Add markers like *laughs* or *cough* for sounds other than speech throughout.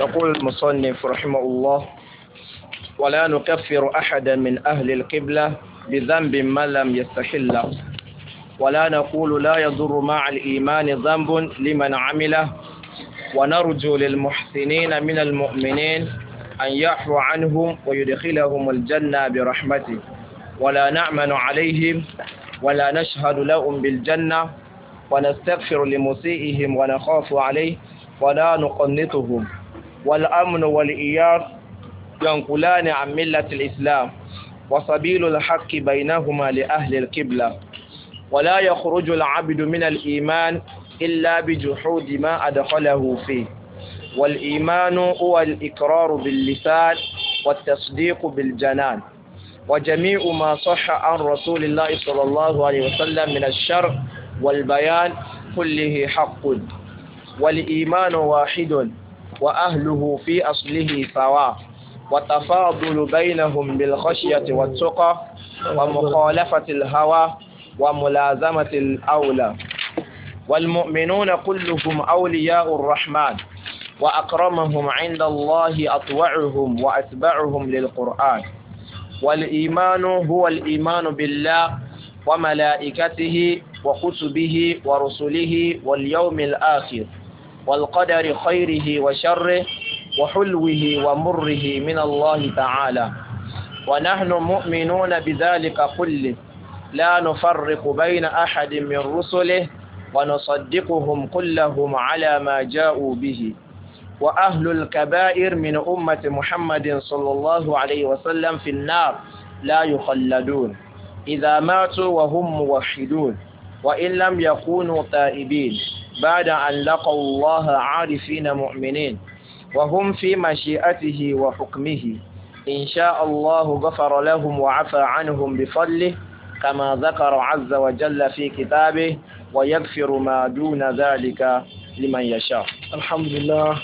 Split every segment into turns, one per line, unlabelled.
يقول المصنف رحمه الله ولا نكفر أحدا من أهل القبلة بذنب ما لم يستحله ولا نقول لا يضر مع الإيمان ذنب لمن عمله ونرجو للمحسنين من المؤمنين أن يعفو عنهم ويدخلهم الجنة برحمته ولا نأمن عليهم ولا نشهد لهم بالجنة ونستغفر لمسيئهم ونخاف عليه ولا نقنطهم والأمن والإياس ينقلان عن ملة الإسلام وسبيل الحق بينهما لأهل القبلة ولا يخرج العبد من الإيمان إلا بجحود ما أدخله فيه والإيمان هو الإقرار باللسان والتصديق بالجنان وجميع ما صح عن رسول الله صلى الله عليه وسلم من الشر والبيان كله حق والإيمان واحد وأهله في أصله سواء وتفاضل بينهم بالخشية والتقى ومخالفة الهوى وملازمة الأولى والمؤمنون كلهم أولياء الرحمن وأكرمهم عند الله أطوعهم وأتبعهم للقرآن والإيمان هو الإيمان بالله وملائكته وكتبه ورسله واليوم الآخر والقدر خيره وشره وحلوه ومره من الله تعالى ونحن مؤمنون بذلك كله لا نفرق بين أحد من رسله ونصدقهم كلهم على ما جاءوا به وأهل الكبائر من أمة محمد صلى الله عليه وسلم في النار لا يخلدون إذا ماتوا وهم موحدون وإن لم يكونوا تائبين بعد أن لقوا الله عارفين مؤمنين وهم في مشيئته وحكمه إن شاء الله غفر لهم وعفى عنهم بفضله كما ذكر عز وجل في كتابه ويغفر ما دون ذلك لمن يشاء الحمد لله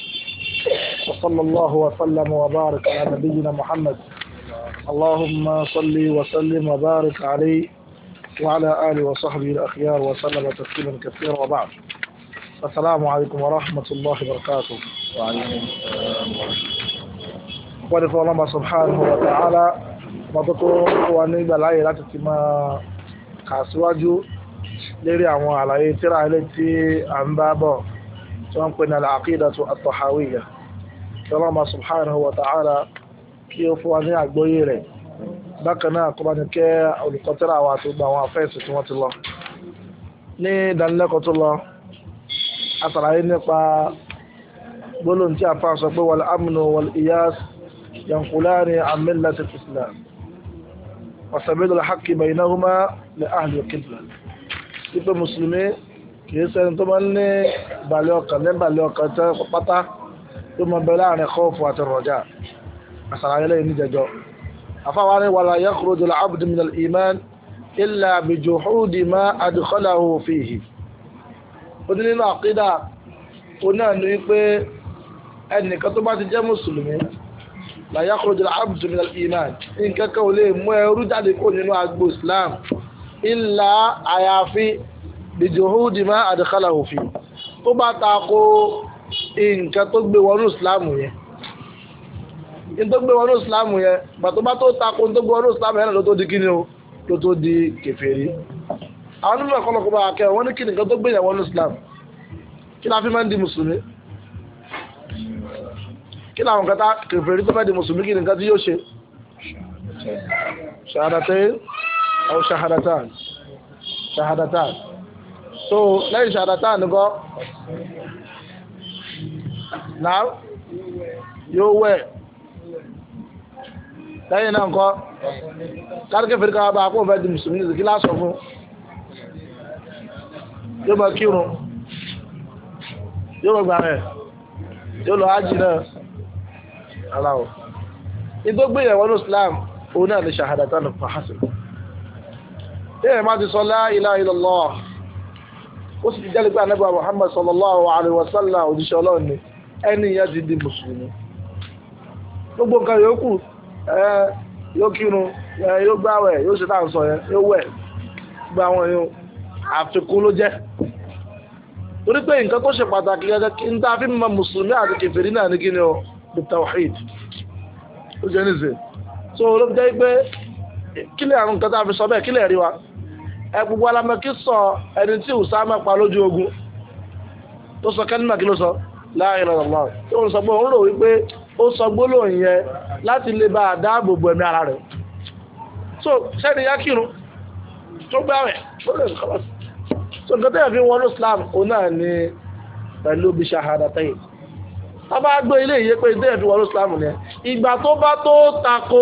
وصلى الله وسلم وبارك
على نبينا محمد اللهم صل وسلم وبارك عليه وعلى آله وصحبه الأخيار وسلم تسليما كثيرا وبعد السلام عليكم ورحمة الله وبركاته
وعليكم السلام
ورحمة الله سبحانه وتعالى mọ́tótó wa nígbà láàyè láti ti máa kà síwájú lérí àwọn àlàyé tíra ilé tí a ń bá bọ̀ tí wọ́n ń pè ní al-aqidatu at-tahawiyya kí ọlọ́mà subhanahu wa ta'ala kí ó fún wa àgbóyé rẹ̀ bákan náà àtàlàyé nípa gbólóhùn tí a fa sọ pé wàl amnu wàl iyas yankulani an millati islam wa sabilu alhaqqi baynahuma li ahli qibla ipe mùsùlùmí kìí sẹ́ni tó máa ń ní balẹ̀ ọkàn ní balẹ̀ ọkàn tẹ́ pátá tó máa bẹ láàrin kọ́ọ̀fù àti rọ̀jà àsàlàyé lẹ́yìn níjẹjọ́ afáwárí wàlá yakhruju al-abdu min iman illa bi juhudi ma adkhalahu fihi ó ní nínú àkídà ó náà ní wípé ẹnìkan tó bá ti jẹ́ mùsùlùmí la yakhruju al-abdu min al-iman nǹkan kan ò lè mú ẹrú jáde kó nínú agbo islam illa àyàfi bijuhudi ma adkhalahu fi ó bá ta ko nǹkan tó gbé wọnú islam yẹn in wọnú islam yẹn gbàtó bá tó ta ko in wọnú islam yẹn ló di kíni o ló di kèfèrí àwọn onímọ̀ ọ̀kọ́lọ́kọ́ bá akẹ́ wọn ní kí nìkan tó gbéyàwó ní Islam kí la fi máa ń di mùsùlùmí kí làwọn kan tá kèfèrí tó fẹ́ di mùsùlùmí kí nìkan tí yóò ṣe
ṣahadatain aw ṣahadatan
ṣahadatan so lẹ́yìn ṣahadatan nìkan náà yóò wẹ̀
lẹ́yìn náà nǹkan kárìkẹ́fẹ̀rí kan bá a kó
fẹ́ di mùsùlùmí kí la sọ fún
yóò máa kírun
yóò máa gbà rẹ̀ yóò lọ ájì náà ara o ìgbó gbìyànjú Islam òun náà ní shahadatan fàhásìn téèyàn máa ti sọ la ilaha ó sì ti jẹ́ nípa anábà Muhammad ni ẹni yẹn ti di mùsùlùmí gbogbo nǹkan yòókù yóò kírun yóò gbàwẹ̀ yóò ṣe táà sọ yẹn yóò àfikún ló jẹ́ torí pé nǹkan tó ṣe pàtàkì gẹ́gẹ́ kí n tá a fi mọ mùsùlùmí àti kẹfìrí náà ní kí ni o bí tawhid ó jẹ́ nìṣe so ló jẹ́ pé kí lè àrùn nǹkan tá a fi sọ bẹ́ẹ̀ kí lè rí wa ẹ gbogbo alamọ kí sọ ẹni tí Usama pa lójú ogun tó sọ kẹ́nìmọ̀ kí ló sọ la ilaha illallah tí òun sọ pé òun rò wípé ó sọ gbólóhùn yẹn láti lè bá a dáàbò bo ẹ̀mí ara rẹ̀ so sẹ́ni yá kírun tó gbáwẹ̀ tó lè kọ́ so nǹkan tẹ́lẹ̀ fi wọnú Islam òun náà ni pẹ̀lú bí ṣahadatayi tábà gbé ilé ìyé pé tẹ́lẹ̀ fi wọnú Islam ni ìgbà tó bá tó tako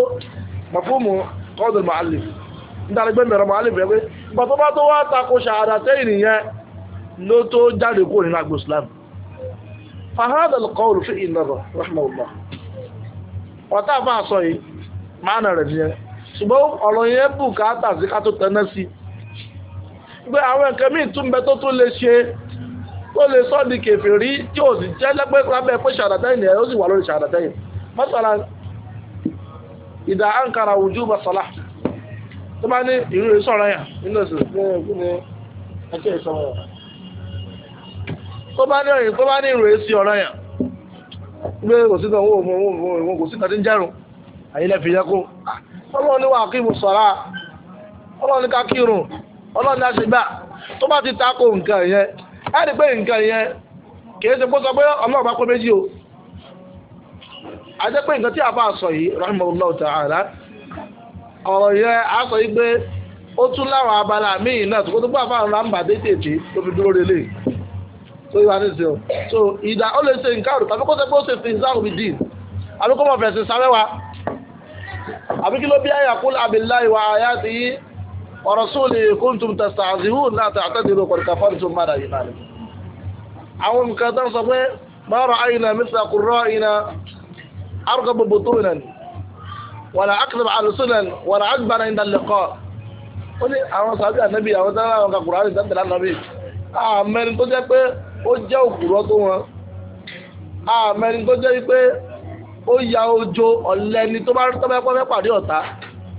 mọ̀fúnmu kọ́ọ̀dù mọ̀álì nítorí mẹ̀rọ mọ̀álì fẹ́ pé ìgbà tó bá tó wá tako nìyẹn ló tó jáde kúrò nínú Islam fahadà ọ̀tá yìí máa nà rẹ̀ nìyẹn pé àwọn nǹkan míì tún bẹ tó tún lè ṣe tó lè sọ di kèfèrí tí ò sì jẹ́ lẹ́pẹ́ lábẹ́ pé ṣàdàtẹ́yìn ni ẹ̀ ó sì wà lórí ṣàdàtẹ́yìn mọ́sálà ìdá ànkara ojú mọ́sálà tó bá ní ìlú rẹ̀ sọ̀rọ̀ yàn nínú ìsìn ní ẹ̀kún ìsọ̀rọ̀ yàn tó bá ní ìrìn tó bá ní ìrìn sí ọ̀rọ̀ yàn gbé kò sí owó òun òun òun òun kò sí kàdí ń jẹ́rùn àyílẹ̀ fi yẹ kó ah, ọlọ́run ní kí mo sọ̀rọ̀ ọlọ́run ká kírun ọlọ́run náà ṣe gbà tó bá ti tako nǹkan yẹn á rí pé nǹkan yẹn kì í ṣe kó sọ pé ọlọ́run bá pé méjì o àti pé nǹkan tí àfa sọ yìí rahimahullah ta'ala ọ̀rọ̀ yẹn á sọ yìí pé ó tún láwọn abala míì náà tó kó tó gbà fáwọn rámbà déédéé tó fi dúró relé tó yíwa ní ìsìn so ìdá ó lè ṣe nǹkan àrùn tàbí kó sọ pé ó ṣe fi ìsáhùn mi dì àbí kó mọ̀ fẹ̀sìn sáwẹ́wà àbí kí ló bí àyà kul abillahi wa ayatihi ورسوله كنتم تستعذبون لا تعتذروا قد كفرتم بعد إيمانكم àwọn nǹkan tó ń sọ pé ma ra'ayna mithla qurra'ina arghabu butunan wala akthar alsunan wala adbara inda liqa ó ní àwọn sàbí ànábì àwọn tó ń ra àwọn kan kùrọ̀ àdìsá tẹ̀lé ànábì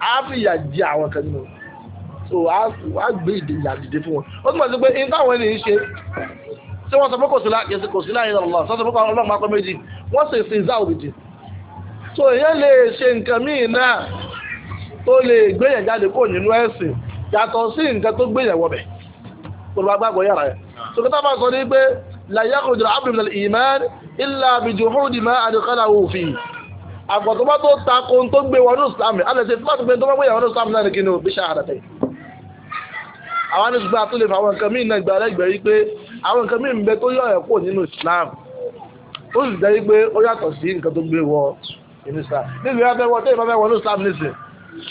á fi ìyà jẹ àwọn kan nínú so á gbé ìyà dìde fún wọn ó túmọ̀ sí pé ní táwọn ènìyàn ṣe tí wọ́n sọ pé kò sí láyé kò sí láyé lọ́wọ́ sọ pé ọlọ́run máa pẹ́ méjì wọ́n sì sin ìzá òbìdì so èèyàn lè ṣe nǹkan míì náà tó lè gbéyàn jáde kó nínú ẹ̀sìn yàtọ̀ sí nǹkan tó gbéyàn wọbẹ̀ tó bá gbàgbọ́ yàrá yẹn so kí táwọn sọ ní pé làyà kò jùlọ abdul iman illa bi juhudi ma adkhalahu fi àgbọ̀tọ́ bá tó ta ko tó gbé wọnú ìsìlámù alẹ́ ṣe fúlàtí pé tó bá gbé wọnú ìsìlámù náà ni kí ni òbí ṣàhàdàtẹ̀ àwọn ní ṣùgbọ́n àtúlẹ̀ fún àwọn nǹkan míì náà gbà lẹ́gbẹ̀ẹ́ yìí pé àwọn nǹkan míì ń bẹ tó yọ ẹ̀ kó nínú ìsìlámù ó sì jẹ́ yìí pé ó yàtọ̀ sí nǹkan tó gbé wọ inú ìsìlámù níbi ìyá fẹ́ wọ tẹ́lẹ̀ fẹ́ wọnú ìsìlámù nísìn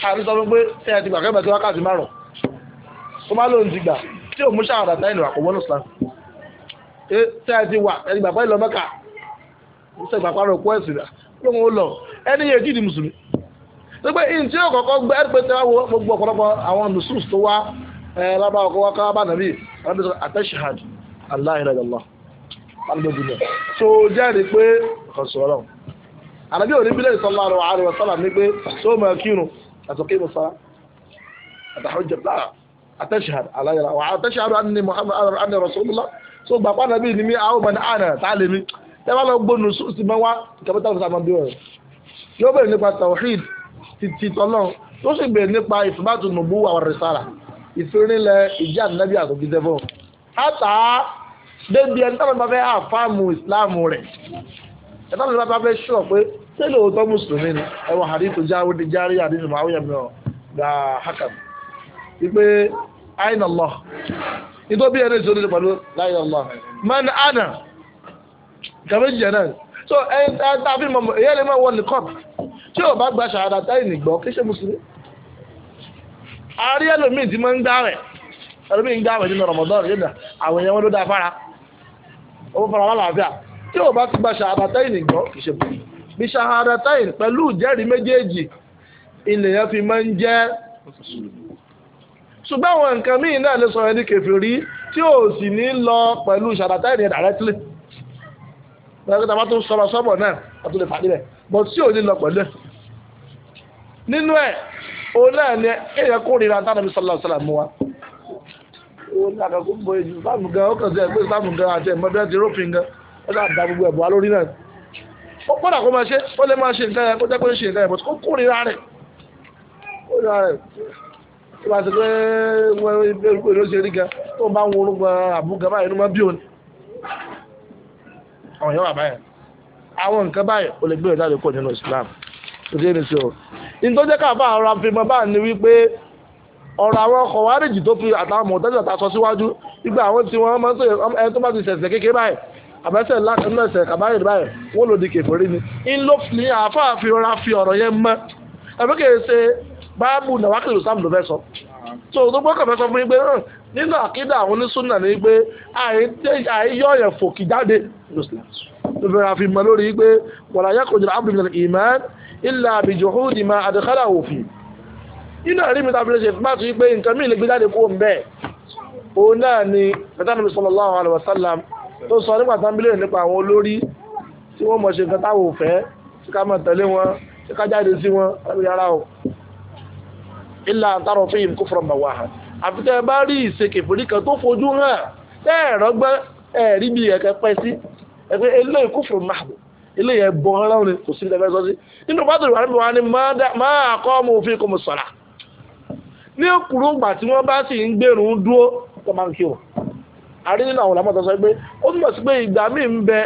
àti sọ pé ṣé ẹ ti gbà kẹ́mẹ̀ẹ́ ẹni yẹn jíìdì mùsùlùmí pé ìǹtí yóò kọ́kọ́ gbé ẹ̀rí gbogbo ọ̀pọ̀lọpọ̀ àwọn mùsùlùmí tó wá lábá ọkọ̀ wá bá nàbí àbí àtẹ̀ṣehad aláìlẹ́dọ̀lá alẹ́dọ̀dúnlẹ̀ tó jẹ́rìí pé kọ̀sọ̀rọ̀ ànàbí òní bílẹ̀ sallallahu pé tó mọ̀ kírun àtọ̀kẹ́ yóò bẹ̀rẹ̀ nípa tawhid títí tọ́lọ́ tó sì bẹ̀rẹ̀ nípa ìfúbátù nùbú àwọn rìsára ìfirinlẹ̀ ìjà nàbí àtòkìtẹ́ fún un. hátà débi ẹni táwọn bá fẹ́ àfáàmù ìsìláàmù rẹ̀ ẹni táwọn bá fẹ́ ṣọ̀ pé tẹ́lẹ̀ òótọ́ mùsùlùmí ni ẹwà hadithu jáwé di járí hadithu màáwíyà mi ọ̀ gba hakan wípé ayin Allah nítorí bí ẹni tí ó pẹ̀lú láyé Allah man ana kàméjì yẹn náà so ẹni tá fi mọ̀ èyí ẹ̀ lè máa wọ ní kọ́ọ̀pù tí ò bá gba ṣàhádà táyì nìgbọ́ kí ṣe mùsùlùmí. a rí ẹlòmíì tí máa ń dá rẹ̀ ẹlòmíì ń dá rẹ̀ nínú Ramadan yóò dà àwọn èèyàn wọn ló dá fara ó fara wọn làáfíà tí ò bá ti gba ṣàhádà táyì nìgbọ́ kì í ṣe mùsùlùmí. bí ṣàhádà táyì pẹ̀lú ìjẹ́rìí méjèèjì ilẹ̀ yẹn fi máa ń jẹ́ ṣùgbọ́n àwọn nǹkan míì náà lè sọ ẹni kèfèrí tí ò sì ní lọ pẹ̀lú ṣàhádà táyì nìyẹn directly lọ́kítà bá tún sọ̀rọ̀ sọ́bọ̀ náà àtúndì fàdí rẹ̀ bọ̀ tí ò ní lọ pẹ̀lú ẹ̀ nínú ẹ̀ òun náà ni èyẹ kórìíra tánàbí sọlá sọlá mú wa òun náà kò gbogbo èjì sáàmù gan ó kàn sí ẹgbẹ́ sáàmù gan àti ẹ̀mọ́dẹ́ ti rófin gan ó dà da gbogbo ẹ̀bùn alórí náà ó kódà kó máa ṣe ó lè máa ṣe nǹkan yẹn kó jẹ́ pé ó ṣe nǹkan yẹn bó kó kórìíra rẹ̀ kórìíra rẹ̀ tó bá ti pé wọ́n ilé ìlú ìlú ṣe rí gan tó bá ń wọnú gan àbúgà báyìí ló Islam òjé ní sọ ìtọ́jẹ́ káfà ọ̀rọ̀ àfihàn bá ní wípé ọ̀rọ̀ àwọn ọkọ̀ wárìjì tó fi àtàwọn mọ̀tẹ́jọ̀ ta sọ síwájú nígbà àwọn tí wọ́n máa ń sọ ẹni tó bá ti ṣẹ̀ṣẹ̀ kékeré báyìí àbẹ́sẹ̀ lákàtúntà ẹ̀sẹ̀ kàbáyé báyìí wọ́n lòdì kèfèrí ni ń ló ní àáfà fi ọ̀rọ̀ fi ọ̀rọ̀ yẹn mọ́ ẹ̀fẹ́ kìí ṣe báàbù nàwákìlì sáàmù ló fẹ́ sọ so tó gbọ́kàn fẹ́ sọ fún yín pé nínú àkídà àwọn onísùnà ni pé àìyọ́ yẹn fòkì jáde ló fi ra fi mọ́ lórí pé wàlàyé kò jẹ́ àbùdùn ìmọ̀ ilà àbìjòhó di máa àdìkálà òfin nínú àrí mi tàbí ṣe bá tún pé nǹkan mí lè gbé jáde kó ń bẹ́ẹ̀ òun náà ni mẹtánàmì sallallahu alaihi wasallam tó sọ nígbà tán bílẹ̀ nípa àwọn olórí tí wọ́n mọ̀ ṣe nǹkan táwọn ò fẹ́ tí ká máa tẹ̀lé wọn tí ká ilé yẹn bọ̀ ọlọ́run ni kò sí ilé ẹgbẹ́ sọ́sí nínú bá tòlù wà níbi wọn ni máa kọ́ ọmọ òfin kò mọ sọ̀rà ní òkúrú ìgbà tí wọ́n bá sì ń gbèrún dúró tó máa ń kí wọn. àrí nínú àwọn ọ̀làmọ́tò sọ pé ó túmọ̀ sí pé ìgbà míì ń bẹ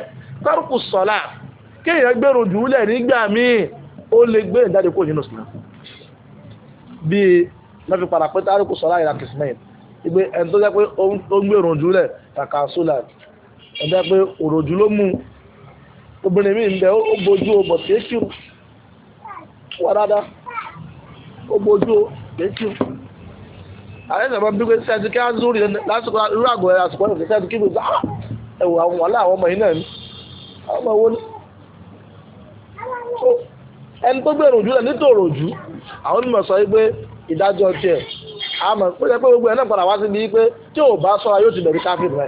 tárùkù sọ̀là kéèyàn gbèrún jùúlẹ̀ nígbà míì ó lè gbé ìjáde kúrò nínú sílá bíi wọ́n fi padà pé tárùkù sọ̀là ìlà kìsìmẹ́yìn ìgbé ẹni tó jẹ́ pé ó ń gbèrún jùúlẹ̀ kàkà sólà ẹni tó jẹ́ pé òròjú ló mú obìnrin mi ń ó o bọ̀ kìí kírun wà dáadáa ó o kìí kírun àyẹ̀ sọ̀rọ̀ bí pé sẹ́ẹ̀tì kí á zúrì lásìkò irú àgọ̀ ẹ̀ àsìkò ẹ̀ sẹ́ẹ̀tì kí gbèsè ah! ẹ̀wọ̀ àwọn wàhálà àwọn ọmọ yìí náà ni àwọn ọmọ wo ni. ẹni tó nítorí àwọn onímọ̀ sọ ìdájọ́ tiẹ̀ pé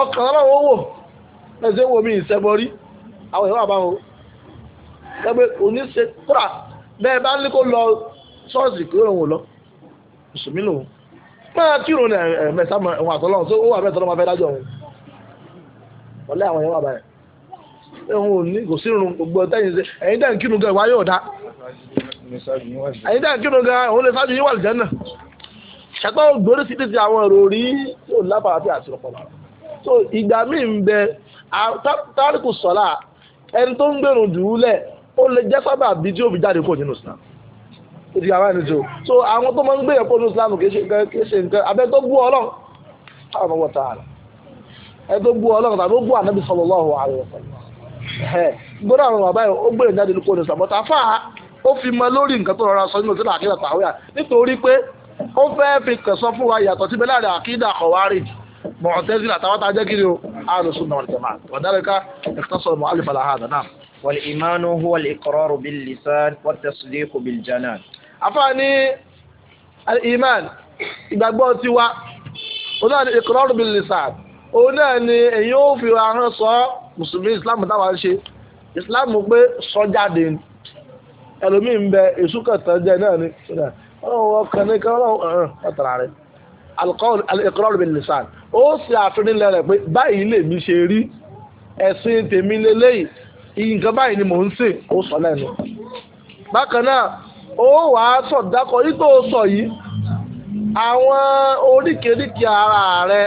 ọkàn ọlọ́wọ́ wò ẹsẹ̀ wo mi ìṣẹ́bọrí àwọn ìwà bá wọn ẹgbẹ́ oníṣe kúrà bẹ́ẹ̀ bá ní kó lọ ṣọ́ọ̀ṣì kí òun ò lọ mùsùlùmí lòun máa kírun ní ẹ̀ẹ̀mẹ́ta ẹ̀wọ̀n àtọ́lọ́run tó wà mẹ́ta ló máa fẹ́ dájọ́ òun ọ̀lẹ́ àwọn ìwà báyẹn ẹ̀hún òní kò sí irun gbogbo ẹ̀yìn ṣe ẹ̀yìn dẹ̀ ń kírun gan ìwà yóò dá ẹ̀yìn dẹ̀ ń gan òun lè ṣáájú yín wà so ìgbà míì ń bẹ tárìkù sọ́lá ẹni tó ń gbèrò dùúlẹ̀ ó lè jẹ́ sábà bí tí ó jáde kó nínú islam ìdí àwọn ẹni tó so àwọn tó máa ń gbèrò kó nínú islam kì í ṣe nǹkan tó gbú ọlọ́run táwọn ọmọ ẹ tó gbú ọlọ́run tàbí ó gbú ànábì gbọ́dọ̀ àwọn ó jáde kó nínú islam mọ fi معتزلة تواتا جاكيو أهل السنة والجماعة
وذلك اختصر المؤلف على هذا نعم والإيمان هو الإقرار باللسان والتصديق بالجنان أفاني الإيمان إذا قلت
و هنا الإقرار باللسان هنا يوم في وعنصة مسلمين إسلام طبعا شيء إسلام مقبل صجادين ẹlòmíín bẹ èsù kẹta jẹ náà ni ọlọ́run ọkàn ní kan ọlọ́run ọ̀tàrà rẹ̀ al-iqrar bil-lisan ó ṣe àfihàn lẹ́rẹ̀ pé báyìí lèmi ṣe rí ẹ̀sìn tèmi lélẹ́yìí nǹkan báyìí ni mò ń sè ó sọ lẹ́nu bákan náà ó wàá sọ dákọ yìí tó sọ yìí àwọn oríkèéríkèé ara rẹ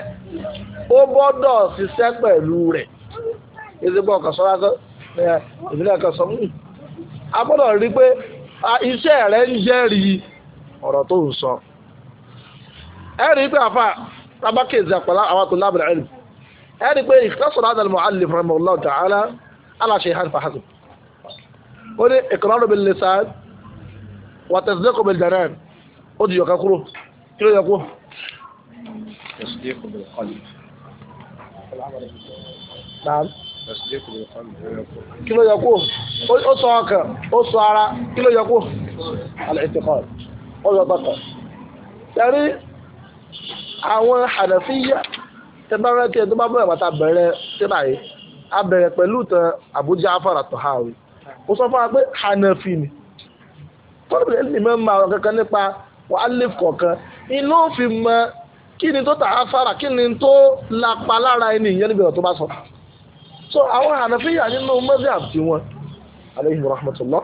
ó gbọ́dọ̀ ṣiṣẹ́ pẹ̀lú rẹ̀ ezigbo ọkàn sọ lásán ìbílẹ̀ kan sọ mú hmm. a gbọ́dọ̀ rí i pé ah, iṣẹ́ rẹ ń jẹ́rìí ọ̀rọ̀ tó ń sọ ẹ̀rí pé àfa rabakẹ́ ìzà pẹ̀lú àwọn àtò lábẹ̀rẹ̀ ẹ̀rí ẹ̀rí pé ìkọ́sọ̀rọ̀ àdàlù mu'allif rahimahullahu ta'ala ala shay'in fa hasib ó ní iqraru bil lisan wa tasdiqu bil janan ó ti yọ̀ká kúrò kí ló yọ kú. tasdiqu bil qalbi. naam kí ló yọ kú ó sọ ọkàn ó sọ ara kí ló yọ kú al-i'tiqad ó yọ bàtà àwọn hànàfíyà tẹ bá rántí ẹ tó bá bẹ̀rẹ̀ bàtà bẹ̀rẹ̀ tíra yìí a bẹ̀rẹ̀ pẹ̀lú tàn Abu Ja'far at-Tahawi mo sọ fún wa pé hànàfí ni tọ́lú rẹ̀ ní mẹ́mà ọ̀rọ̀ kankan nípa wà á lè kọ̀ọ̀kan inú fi mọ kí ni tó tà á kí ni tó lapa lára ẹni ìyẹn níbi ọ̀rọ̀ tó bá sọ so àwọn hànàfíyà nínú mọ́sí àti wọn alayhi rahmatullah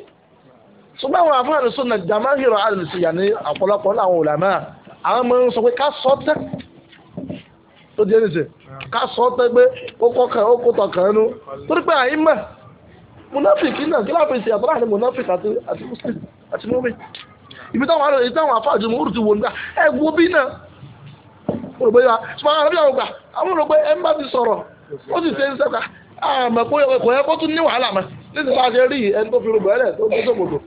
Sụgbọ àwọn afọ sọ̀nà jamahiro alìsíyà ní ọ̀pọ̀lọpọ̀ láwọn òlàmà àwọn ọmọ sọ pé ká sọ tẹ́ tó di ẹnìṣẹ́ ká sọ tẹ́ pé ó kọ́ kan ó kó tọ̀ kan nú torí pé àyín mọ̀ munafiki náà kí láàfin ṣe àtọ́lá ní munafiki àti àti àti mumi ibi táwọn àlọ́ ibi táwọn afáàlù mú urdu wò nígbà ẹ bí náà ya àwọn àlọ́ gbà àwọn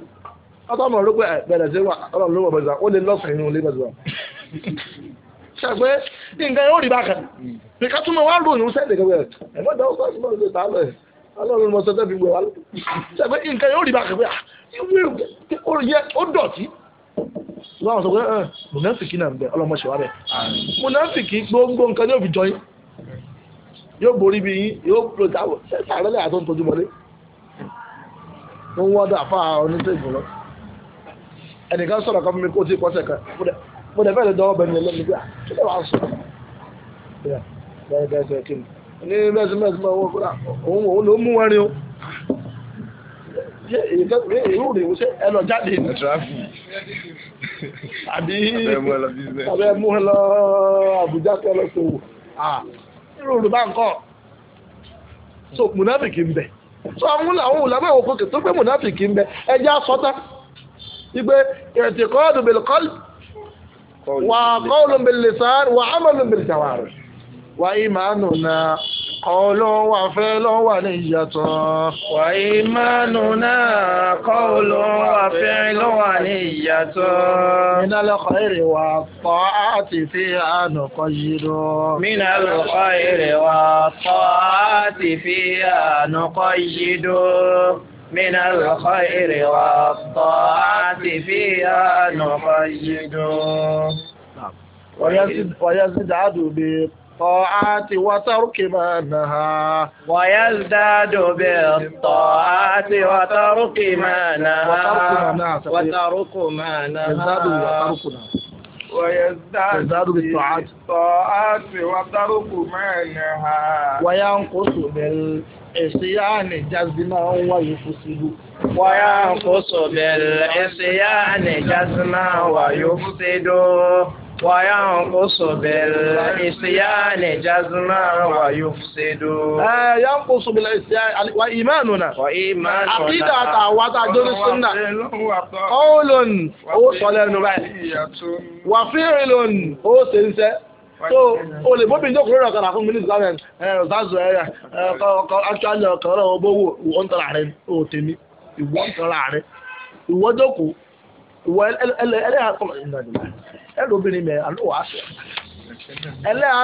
ọtọ́ ọmọ olóògbé eh, bẹ̀rẹ̀ sí ọlọ́run ló wọ̀ bẹ̀rẹ̀ sí ó lè lọ́sàn inú ilé bẹ̀rẹ̀ sí wa. ṣàgbé nǹkan yóò rí bákan bí ká túnmọ̀ wá lóyún sẹ́ẹ̀dẹ̀ kẹwẹ́ ẹ̀mọ́ ìdáwó sọ́ọ̀sì náà lè tàá ẹ̀ ọlọ́run mọ̀ sọ́tẹ́ fi gbé wa lóyún. ṣàgbé nǹkan yóò rí bákan pé ah, ìwé ó dọ̀tí láwọn sọ pé eh, ẹ yóò borí bí yín yóò plo táwọn sàrẹ́lẹ̀ àtọ́ ń tọ́jú mọ́lé wọ́n wọ́n dà fáà oníṣègùn lọ ẹnìkan sọ̀rọ̀ kan fún mi kó tí kọ́sẹ̀ kan mo dẹ̀ fẹ́ẹ́ lè dọ́wọ́ bẹ̀rẹ̀ lẹ́nu nígbà ah, kí lè wàá sọ̀rọ̀
bẹ́ẹ̀ bẹ́ẹ̀ sọ kí ni
ní mẹ́sì mẹ́sì máa wọ́n kúrò òun òun ló mú wọn rin o ìlú rẹ̀ wọ́n ṣe ẹ lọ jáde ní tráfì àbí abẹ́ mú ẹ lọ Àbújá kẹ́ lọ sòwò irú rẹ̀ bá ń kọ́ so munafiki ń bẹ so àwọn làwọn òlàmọ́ àwọn òkòkè tó gbé munafiki ń bẹ ẹ jẹ́ wípé i'tiqadu bil qalb wà qawlun bil lisan wà amalun bil jawarih wà imanuna qawlun wà fi'lun wà
niyyatun. wà imanuna qawlun wà fi'lun wà niyyatun. minal khayri wa ta'ati fiha nuqayyidu. minal khayri wa ta'ati fiha nuqayyidu. من الخير والطاعة فيها نقيد نعم. ويزداد بالطاعات وترك ما نهى ويزداد بالطاعات وترك ما نهى وترك ما نهى ويزداد بالطاعات وترك ما نهى
وينقص بال ìsìyáàni
jazima ń wá yòókù síbu. wáyà kóso bẹ̀rẹ̀ ìsìyáàni jazima wá yòókù síbu. wáyà kóso bẹ̀rẹ̀ ìsìyáàni jazima wá yòókù síbu. ẹ yà ń kóso bẹ̀rẹ̀ ìsìyáàni wà ìmánu na. wà ìmánu na àkídà àtà àwọn àtà jóni sunna. kọ́ọ̀lùn
ó sọ lẹ́nu báyìí. wà fíìrìlùn ó ṣe ń sẹ́. so o lè bóbi ní okòrò ọ̀kadà fún mínísítì gọ́ọ̀mẹ̀ntì ọ̀sáàzù ẹ̀yà ọkọ̀ actually ọkọ̀ ọ̀rọ̀ ọgbọ́ owó ìwọ ń tọ́ra rẹ̀ tèmi ń tọ́ra rẹ̀ jókòó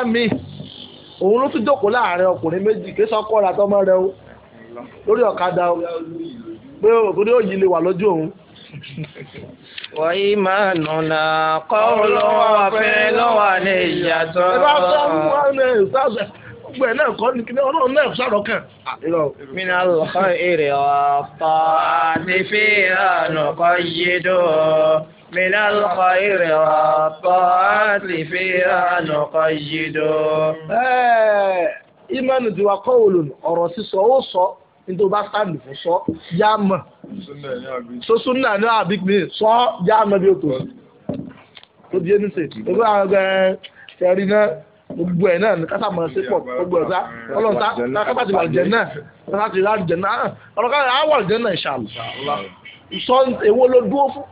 mẹ́ mi òun ló tún jókòó láàrin ọkùnrin méjì
وإيماننا قول وفعل ونية gbogbo ẹ náà kọ ní kíní ọlọ́run náà sọ̀rọ̀ kàn. mina lọkọ èrè ọ̀pọ̀ àti fi hànú kọ́ yé dò. mina lọkọ èrè ọ̀pọ̀ àti fi hànú kọ́ yé dò. ìmánu tiwa kọ́ wòlò ọ̀rọ̀ sísọ ó sọ
nítorí o bá sáàlù fún sọ yá mọ̀ soso náà ní àbí mi sọ yá mọ̀ bí o tó tó di ẹni sè gbogbo àwọn ẹgbẹ́ tẹ̀rí náà gbogbo ẹ̀ náà ní kásá mọ̀ sí pọ̀ gbogbo ẹ̀ sá ọlọ́run sá náà kápá ti wà lùjẹ̀ náà kásá ti wà lùjẹ̀ náà ọlọ́run kápá ti wà lùjẹ̀ náà ìṣàlù sọ èwo ló dúró fún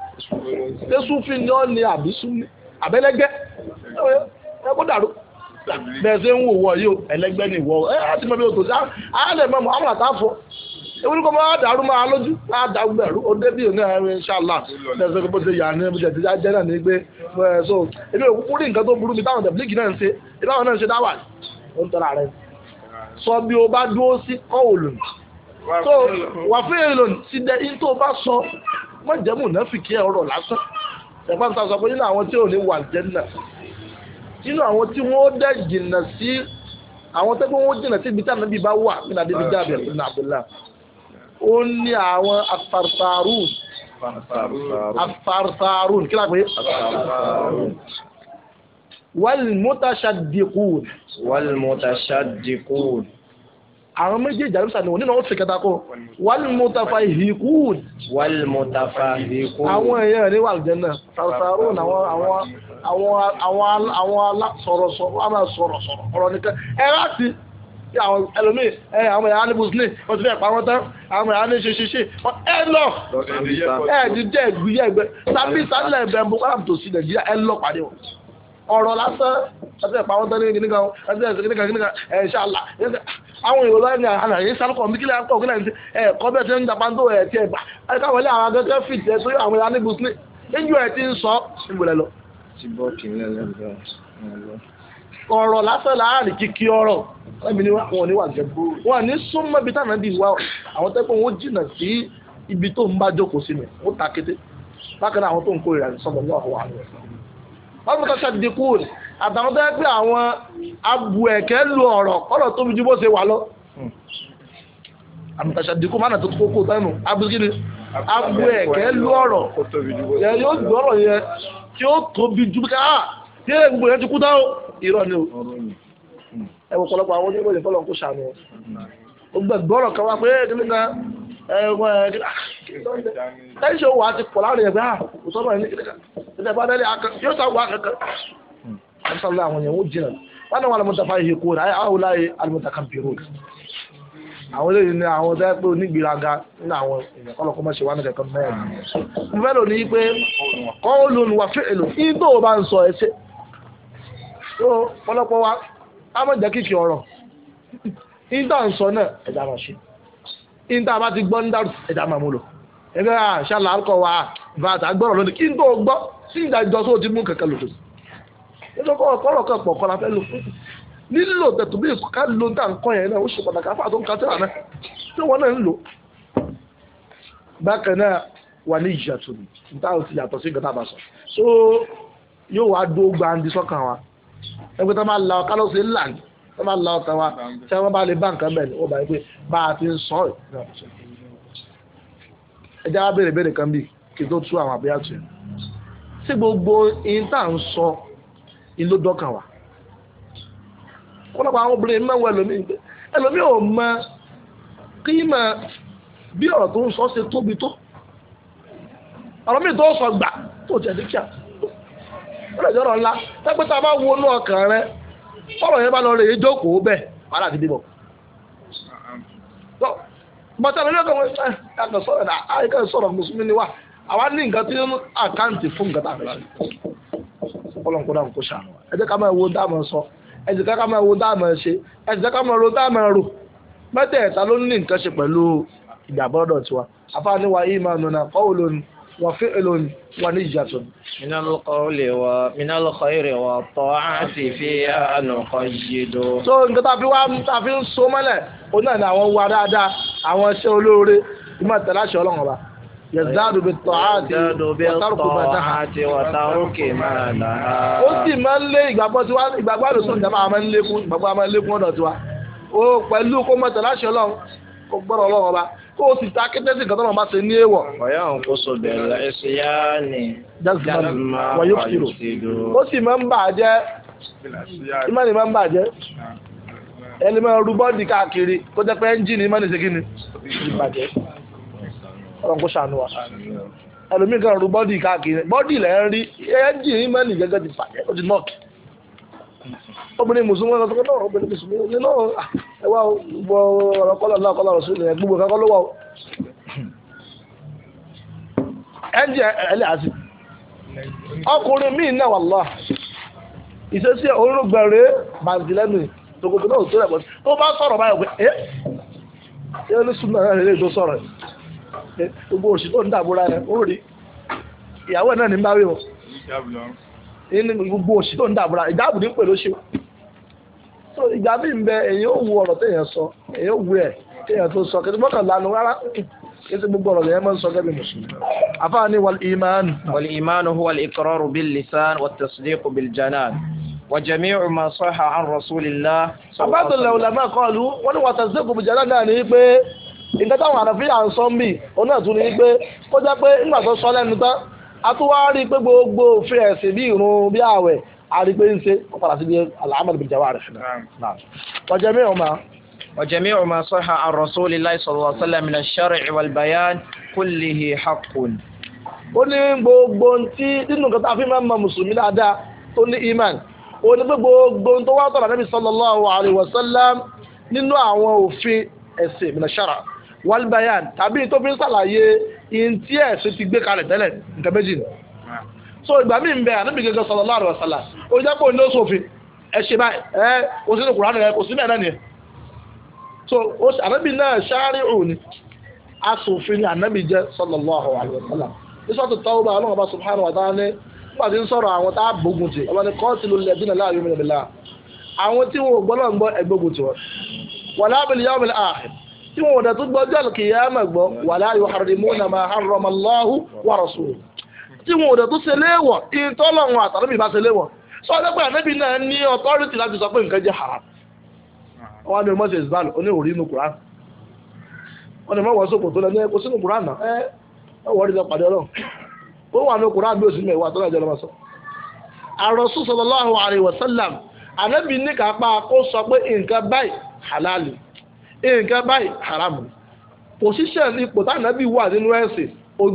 ṣé súnfin ni ọ́ ni àbí súnmi àbẹ́lẹ́gbẹ́ ẹ kó dàrú bẹ̀ẹ̀sẹ̀ ń wò wọ yóò ẹlẹ́gbẹ́ ni ìwọ ẹ á ti mọ bí o tò sí á lè mọ mọ àmàlà tá a fọ ewúrẹ́ kọ́ máa dàrú máa lójú máa dà gbẹ̀rú o débi òní ẹ̀rín ṣáàlà bẹ̀ẹ̀sẹ̀ kó bó ṣe yà ní ẹbí jẹ̀ tíjà jẹ́ náà ní pé so èmi ò kúkú rí nǹkan tó burú mi táwọn tẹ̀blíkì náà ń ṣe ìbá wọn náà ń ṣe dáwà ó ń tọ́ra rẹ̀ sọ bí o bá dúró sí kọ́ òòlù so wà fún èèlò ti dẹ in tó bá sọ mọ̀jẹ̀mú náà fi kí ọ̀rọ̀ lásán ẹ̀gbọ́n sínú àwọn tí wọ́n dẹ̀ jìnnà sí àwọn tẹ́gbọ́n wọn jìnnà sí ibi tí bá wà nínú adébí ah, jábẹ̀ nínú abdullahi ó ní àwọn afarsarun afarsarun kí lápẹ́ wal
mutashaddiqun àwọn méjèèjì àlùsà ni wọn nínú ọ̀tún kẹta kọ wàlmùtàfà hìkúùd. wàlmùtàfà hìkúùd. àwọn èèyàn
ní wàlùjẹ́nà sàrùsàrùn àwọn àwọn àwọn àwọn sọ̀rọ̀sọ̀rọ̀ àwọn sọ̀rọ̀sọ̀rọ̀ ọ̀rọ̀ nìkan ẹ láti àwọn ẹlòmíì ẹ àwọn ẹ̀yà ní bùsùlì wọ́n ti fẹ́ pa wọ́n tán àwọn ẹ̀yà ní ṣeṣeṣe ẹ lọ ẹ ti jẹ́ ìgbìyà ẹgbẹ́ tàbí sálẹ̀ ẹ̀bẹ̀ mbọ́kọ́ àbùtòsí nàìjíríà ẹ lọ pàdé wọn ọ̀rọ̀ lásán àti ẹ̀pà àwọn tán ní kíní kan àti ẹ̀sìn kíní kan kíní kan ẹ̀ ṣàlà àwọn èrò lọ́yìn àná yìí sálùkọ̀ mi kílẹ̀ àkọ́ kílẹ̀ ẹ̀ kọ́ bẹ́ẹ̀ tí ń japa tó ẹ̀ tiẹ̀ gbà káwọn ilé àwọn akẹ́kẹ́ fìt ẹ̀ sórí àwọn ìlànà ibùsùn níjú ẹ̀ ti ń sọ ìgbòlẹ̀ lọ. ọ̀rọ̀ lásán láàrin kíkí ọ̀rọ̀ ẹ̀mí ni wọn ò ní wà jẹ́ wọn ní súnmọ́ ibi táwọn ẹbí wà àwọn tẹ́pọ̀ wọn jìnnà sí ibi tó ń bá jókòó sí ni wọn ta kété bákan náà
àwọn tó ń kó ìrìn àjò sọ́dọ̀ ní ọ̀hún àlọ́ ẹ̀sán
mọ́tòmọ́tòṣàdìkún
àtàwọn tó yẹ pé àwọn abu ẹ̀kẹ́ lu ọ̀rọ̀ kọ́lọ̀ tóbi ju bó ṣe wà lọ. àmọ̀tòṣàdìkún hmm. mọ́nà tó kókó tánù abúkíni abu ẹ̀kẹ́ lu ọ̀rọ̀ yẹ yóò ju ọ̀rọ̀ yẹn tí ó tóbi ju ká ah, tí ẹ gbogbo yẹn ti kú tán o irọ́ ni o hmm. ẹ wọ pọ̀lọpọ̀ àwọn onímọ̀ ìfọlọ́ ẹ̀wọ̀n ẹ̀dínlá tẹ́ṣọ̀ wà ti pọ̀ láàrin ẹ̀gbẹ́ àkùsọ́nà ẹ̀ní ìdílé bá dẹ́lẹ̀ akẹ́ yóò sá wà kankan àmúsàlá àwọn èèyàn àwọn eléyìí ni àwọn pé nínú àwọn wà ní kankan mo pé wà èlò bá ń sọ tó wa á kíkì níta bá ti gbọ́ ní ẹ̀dá máa mú lò ẹgbẹ́ àṣàlà àkọ́ wa vata gbọ́rọ̀ lónìí kí n tó gbọ́ sí ìdájọ́ sóò ti mú kankan lòdì nínú kọ́ ọ̀kọ́rọ̀ kan pọ̀ kọ́ra fẹ́ lò nílò tẹ̀tù bí ká lo ní àǹkọ́ yẹn náà ó ṣe pàtàkì afá ń ka náà tí wọ́n náà ń lò bákan náà wà ní ìyàtọ̀ níta ó ti yàtọ̀ sí ìgbà tá so yóò wá dó gbandi sọ́kàn wa ẹgbẹ́ tá máa la ọkálọ́sẹ̀ ńlá ni tó bá la ọkàn wa tí wọ́n bá lè bá nǹkan bẹ́ẹ̀ ni ó bá yẹ pé bá a ti ń sọ ọ́ ẹja wa béèrè béèrè kan bí kí n tó tú àwọn àbíyá tù yẹn sí gbogbo ihun tá à ń sọ ìlú dọ́kàn wa ọ̀pọ̀lọpọ̀ àwọn obìnrin mẹ́wọ ẹlòmíì ẹlòmíì ò mọ kí mọ bí ọ̀rọ̀ tó ń sọ ṣe tóbi tó ọ̀rọ̀ mi tó sọ gbà tó jẹ́ díkíà ó lè jẹ́ fọ́rọ̀ yẹn bá lọ rẹ̀ yé jókòó bẹ́ẹ̀ wàhálà ti dìbò. bàtà mi lọ́kàn wọn yàtọ̀ sọ̀rọ̀ náà àyíká sọ̀rọ̀ mùsùlùmí ni wà àwa ní nǹkan tí ń àkáǹtì fún nǹkan tá a fẹ́ ọlọ́run kó dáhùn kó ṣàánú ẹ jẹ́ ká máa wo dáàmú sọ ẹ jẹ́ ká máa wo dáàmú ṣe ẹ jẹ́ ká máa ro dáàmú rò mẹ́tẹ̀ẹ̀ta ló ní nǹkan ṣe pẹ̀lú ìgbàgbọ́dọ̀ tiwa afáàníwá ìmọ̀ ọ̀nà kọ́wọ́ lónìí وفعل ونية
من القول ومن الخير والطاعة فيها نقيد so nǹkan tá a fi wá tá a fi ń so mọ́lẹ̀ òun náà ni àwọn wa dáadáa
àwọn iṣẹ́ olóore ìmọ̀ ìtẹ̀láṣẹ ọlọ́run ọba yazadu bi ta'ati wa taruki ma naha. ó sì máa ń lé ìgbàgbọ́ tiwa ìgbàgbọ́ àdùsùn ìjàmbá máa ń lékún ìgbàgbọ́ máa ń lékún ọ̀dọ̀ tiwa ó pẹ̀lú kó mọ̀ ìtẹ̀láṣẹ ọlọ́run kó gbọ́dọ̀ ọlọ́run ọba kó o sì ta kétẹ́sì kan tọ́lọ́ bá ṣe ní èèwọ̀. ọ̀yá òun kò sọ bẹ̀rẹ̀ ẹ̀sìn yá ni. jásùmá wọ́n yóò kìlò ó sì máa ń bà á jẹ́ ìmọ̀ni máa ń bà á jẹ́ ẹni máa rú bọ́ọ̀dì káàkiri kó jẹ́ pé ẹ́ńjìnì ìmọ̀ni ṣe kí ni ìbàjẹ́ ọlọ́run kò ṣàánú wa ẹlòmíì rú bọ́ọ̀dì káàkiri bọ́ọ̀dì lẹ́ ẹ́ńjìnì ìmọ̀ni gẹ́gẹ́ ti bàjẹ́ ó ti nọ́ọ̀kì obìnrin mùsùlùmí ọ̀sán tó náà obìnrin mùsùlùmí ní náà ẹwà gbọ́ ọ̀rọ̀ kọ́lọ̀ náà kọ́lọ̀ rẹ̀ sílẹ̀ gbogbo kankan ló wà ó. ẹnjẹ ẹlẹ́ àti ọkùnrin míì náà wà lọ́à ìṣesí orúgbẹ̀rẹ̀ bàǹdìlẹ́nu tòkòtò náà tó rẹ̀ pọ̀ tó bá sọ̀rọ̀ báyọ̀ pé ẹ́ ẹ́ ẹ́ ní súnmọ́ náà lè tó sọ̀rọ̀ gbogbo òṣì tó ń dàbúrà rẹ̀ ó rí ìyàwó ẹ̀ náà ní báwí o ìdáàbò ní pẹ̀lú ṣe ìgbà míì ń bẹ èyàn ò wu ọ̀rọ̀ téèyàn sọ èyàn ò wu ẹ̀ téèyàn tó sọ kìtìmọ́ kan lanu rárá kìtì gbogbo ọ̀rọ̀ lèyàn máa ń sọ gẹ́gẹ́ mùsùlùmí.
àfààní wal iman. wal iman huwa al bil lisan wa tasdiq bil janan. وجميع ما صح عن رسول الله بعض العلماء قالوا wọ́n wà tasdiq bil janan náà ní pé
nǹkan táwọn àràfíà ń sọ ń bì òun náà tún ní pé kó jẹ́ pé nígbà tó sọ lẹ́nu tán a tún wá rí pé gbogbo òfin ẹ̀sìn bí ìrun bí ààwẹ̀ àrí pé ń ṣe ó padà sí bí al-amal
bil-jawarih náà. ọ̀jẹ̀ mi ò máa. وجميع ما صح عن رسول الله صلى الله عليه وسلم من الشرع والبيان كله حق ó ní gbogbo tí nínú nǹkan tá a fi máa ń mọ mùsùlùmí dáadáa tó ní iman ó ní gbogbo tó
wá tọ̀rọ̀ Ànábì sallallahu alaihi wasallam nínú àwọn òfin ẹ̀sìn min ash-shara' wal tàbí tó fi ń ṣàlàyé so ìgbà míì ń bẹ ànábì gẹ́gẹ́ sallallahu alaihi wasallam oníjàpọ̀ ní ó sòfin ẹ ṣe báyìí ẹ kò sí kùrán rẹ kò sí bẹ́ẹ̀ náà nìyẹn so ànábì náà ṣáárì òní asòfin ànábì jẹ́ sallallahu alaihi wasallam nísọ́tò tọ́wọ́bà ọlọ́run ọba subhanahu wa ta'ala ní nígbà tí ń sọ̀rọ̀ àwọn tá a gbógun tì ọba ní qatilu alladhina la yu'minuna billah àwọn tí wọn ò gbọ́ náà ń gbọ́ ẹgbógun tì wọn wala bil yawmil akhir tí wọn ò dẹ̀ tún gbọ́ jọ́ọ̀lù kìyàmẹ̀ gbọ́ wala yuharrimuna ma harrama Allahu wa rasuluhu tí wọn ò dẹ̀ tó ṣe léèwọ̀ ìtọ́lọ́run àtàlóbì bá ṣe léèwọ̀ sọ ọjọ́ pé ànábì náà ní ọtọ́rìtì láti sọ pé nǹkan jẹ́ haram wọn ni mọ́sẹ̀ isbal oníhòrí inú kuran wọn ni mọ́wọ́ sókò tó lẹ́nu ẹ̀kọ́ sínú náà rí lọ pàdé ọlọ́run ó wà ní bí òsì mẹ́wàá tó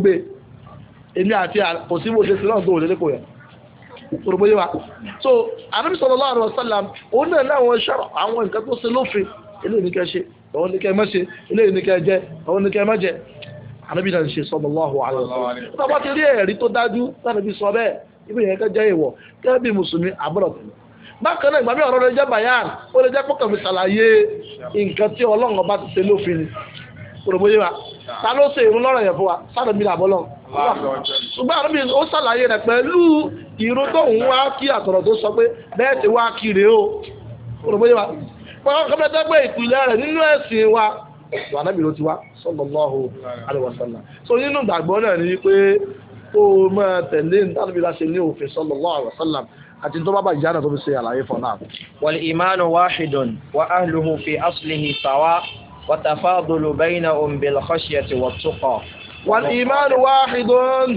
èmi àti kò sí bóṣe sí náà tó òlélé kò yẹ òròbóyé wa so ànábì sallallahu alaihi wasallam òun náà ní àwọn ṣàrọ àwọn nǹkan tó ṣe lófin eléyìí ní kẹ ṣe òun ní kẹ má ṣe eléyìí ní kẹ jẹ òun ní kẹ má jẹ ànábì náà ń ṣe sallallahu alaihi wasallam tó bá ti rí ẹ̀rí tó dájú láti sọ bẹ́ẹ̀ ibi yẹn kẹ jẹ́ ìwọ̀ kẹ́ bí mùsùlùmí àbúrò tẹ̀lé bákan náà ìgbàmí ọ̀rọ̀ rẹ̀ jẹ́ bayan ó lè jẹ́ pọ́kàn mi ṣàlàyé nǹkan tí ọlọ́run ọba ti ṣe lófin ni òròbóyé wa ta ló ṣe ìrún lọ́rọ̀ yẹn fún wa sáré mi ṣùgbọ́n àrùn mi ó ṣàlàyé rẹ̀ pẹ̀lú ìró tó ń wá kí àtọ̀rọ̀ tó sọ pé bẹ́ẹ̀ ti wá kiri o olùbóyè wa pọ́n kọ́mẹ́tẹ́ pé ìpìlẹ̀ rẹ̀ nínú ẹ̀sìn wa wà nábì ló ti wá sallallahu alaihi wasallam so nínú ìgbàgbọ́ náà ni pé kó o máa
tẹ̀lé nítorí bí a ṣe ní òfin sallallahu alaihi wasallam àti tó bá bá ìyá náà tó fi ṣe àlàyé fún náà. wal imanu wahidun wa ahluhu fi aslihi sawa wa tafadulu baynahum bil khashyati wat tuqa wal imanu wahidun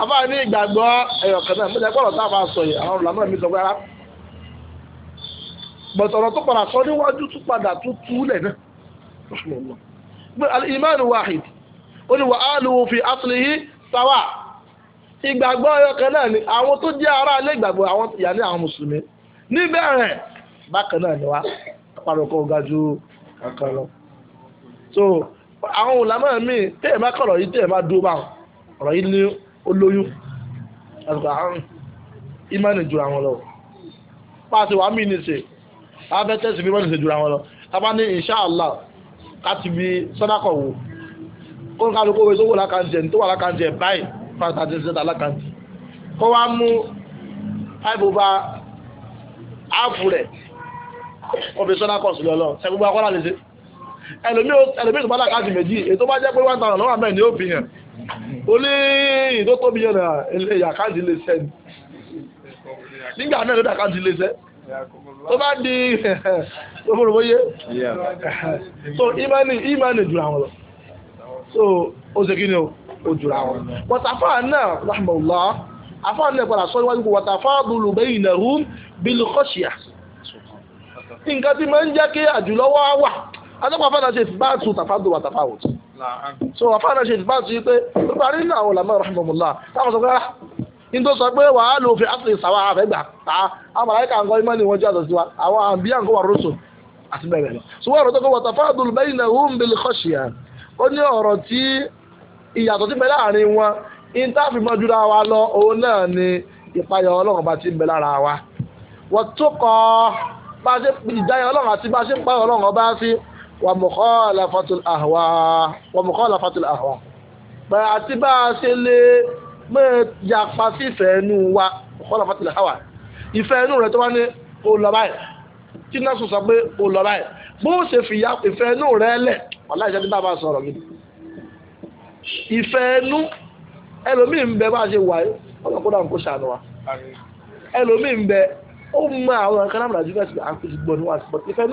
àbá ní ìgbàgbọ́ ẹ̀yọ̀ kan náà mọ̀jẹ̀ gbọ́dọ̀ tá a máa sọ yìí àwọn ọ̀làmọ́ mi sọ gbára bọ̀tọ̀ ọ̀rọ̀ tó padà sọ níwájú tó padà tó túlẹ̀ náà pé al-imanu wahid ó ní wa aluhu fi aslihi sawa ìgbàgbọ́ ẹ̀yọ̀ kan náà ni àwọn tó jẹ́ ará ilé ìgbàgbọ́ àwọn ìyá ní àwọn mùsùlùmí níbẹ̀rẹ̀ bákan náà ni wá pàrọ̀kọ̀ ga ju ọ̀kan so àwọn òlàmọ́ mi téèyàn bá kọ̀rọ̀ yìí téèyàn bá dúró bá ọ̀rọ̀ yìí ní olóyún àtùkọ̀ àrùn ìmánì jura wọn lọ pàṣẹ wàá mí ní ṣe abẹ́tẹ́sì bí wọ́n ní ṣe jura wọn lọ tábà ní inṣàlá láti fi sọ́dákọ̀ wò kó nǹkan àlùkò owó sówó lákàntì ẹni tó wà lákàntì ẹ̀ báyìí fáwọn tàbí ṣẹ́ta lákàntì kó wá mú àìbò bá áàfù rẹ̀ ọ̀bẹ ẹlòmíì tó bá dà káàdì méjì ètò bá jẹ́ pé one thousand lọ́wọ́ mẹ́rin ni ó fi hàn ó ní ìdó tóbi yẹn náà ẹ̀yà káàdì lè sẹ́ ni nígbà náà ló dà káàdì lè sẹ́ tó bá di ọmọlùmọ́yé *laughs* so imani imani jù àwọn lọ so ó ṣe kí ni ó jù àwọn lọ wọ́tàfà náà rahmanullah afọ́ náà padà sọ níwájú wọ́tàfà dùlù bẹ́yìn náà rúm bílù kọ́ṣíà nǹkan tí máa ń jẹ́ kí àjùlọ́wọ́ wà adọ́pọ̀ afáàdà ṣe ìfibáàtù tàfádù wà tàfáwùtù so afáàdà ṣe ìfibáàtù yìí pé nípa rí nínú àwọn ọ̀làmọ́ rahmanullah táwọn sọ pé rárá ah, ní tó sọ pé wàá lò fi àtúnṣe sàwọn àfẹ́gbà tá àwọn àyíká nǹkan ìmọ̀ ni wọ́n jẹ́ àtọ̀sí wa àwọn àbí àǹkọ́ wà rọ́ṣọ̀ àti bẹ́ẹ̀ bẹ́ẹ̀ lọ. sùwọ́n ọ̀rọ̀ tó kọ́ wàtàfáàdù bẹ́yìn náà hùm bil khashya ó ní ọ̀rọ̀ tí ìyàtọ̀ ti bẹ láàrin wọn ìntàfi mọ́júra wa lọ òun náà ni ìpayà ọlọ́run bá ti ń bẹ lára wa. wọ́n tó kọ́ bá ṣe ìdáyà ọlọ́run àti bá ṣe ń payà ọlọ́run ọba sí wàmùkọ́làfàtù àhùwà wàmùkọ́làfàtù àhùwà bẹ̀rẹ̀ àti bá a ṣe lè mẹ́ẹ̀ yapa sí ìfẹ́ ẹnu wa wàmùkọ́làfàtù àhùwà ìfẹ́ ẹnu rẹ̀ tó wá ní olọ́ba ẹ̀ tí náà sọ sọ pé olọ́ba ẹ̀ bó ṣe fi ya ìfẹ́ rẹ̀ lẹ̀ wàlá ìṣẹ́ tí bá sọ̀rọ̀ gidi ìfẹ́ ẹnu bẹ bá a ṣe wà ọlọ́kúnrà ń kó ṣàánú wa ẹlòmíì bẹ ó mọ àwọn kan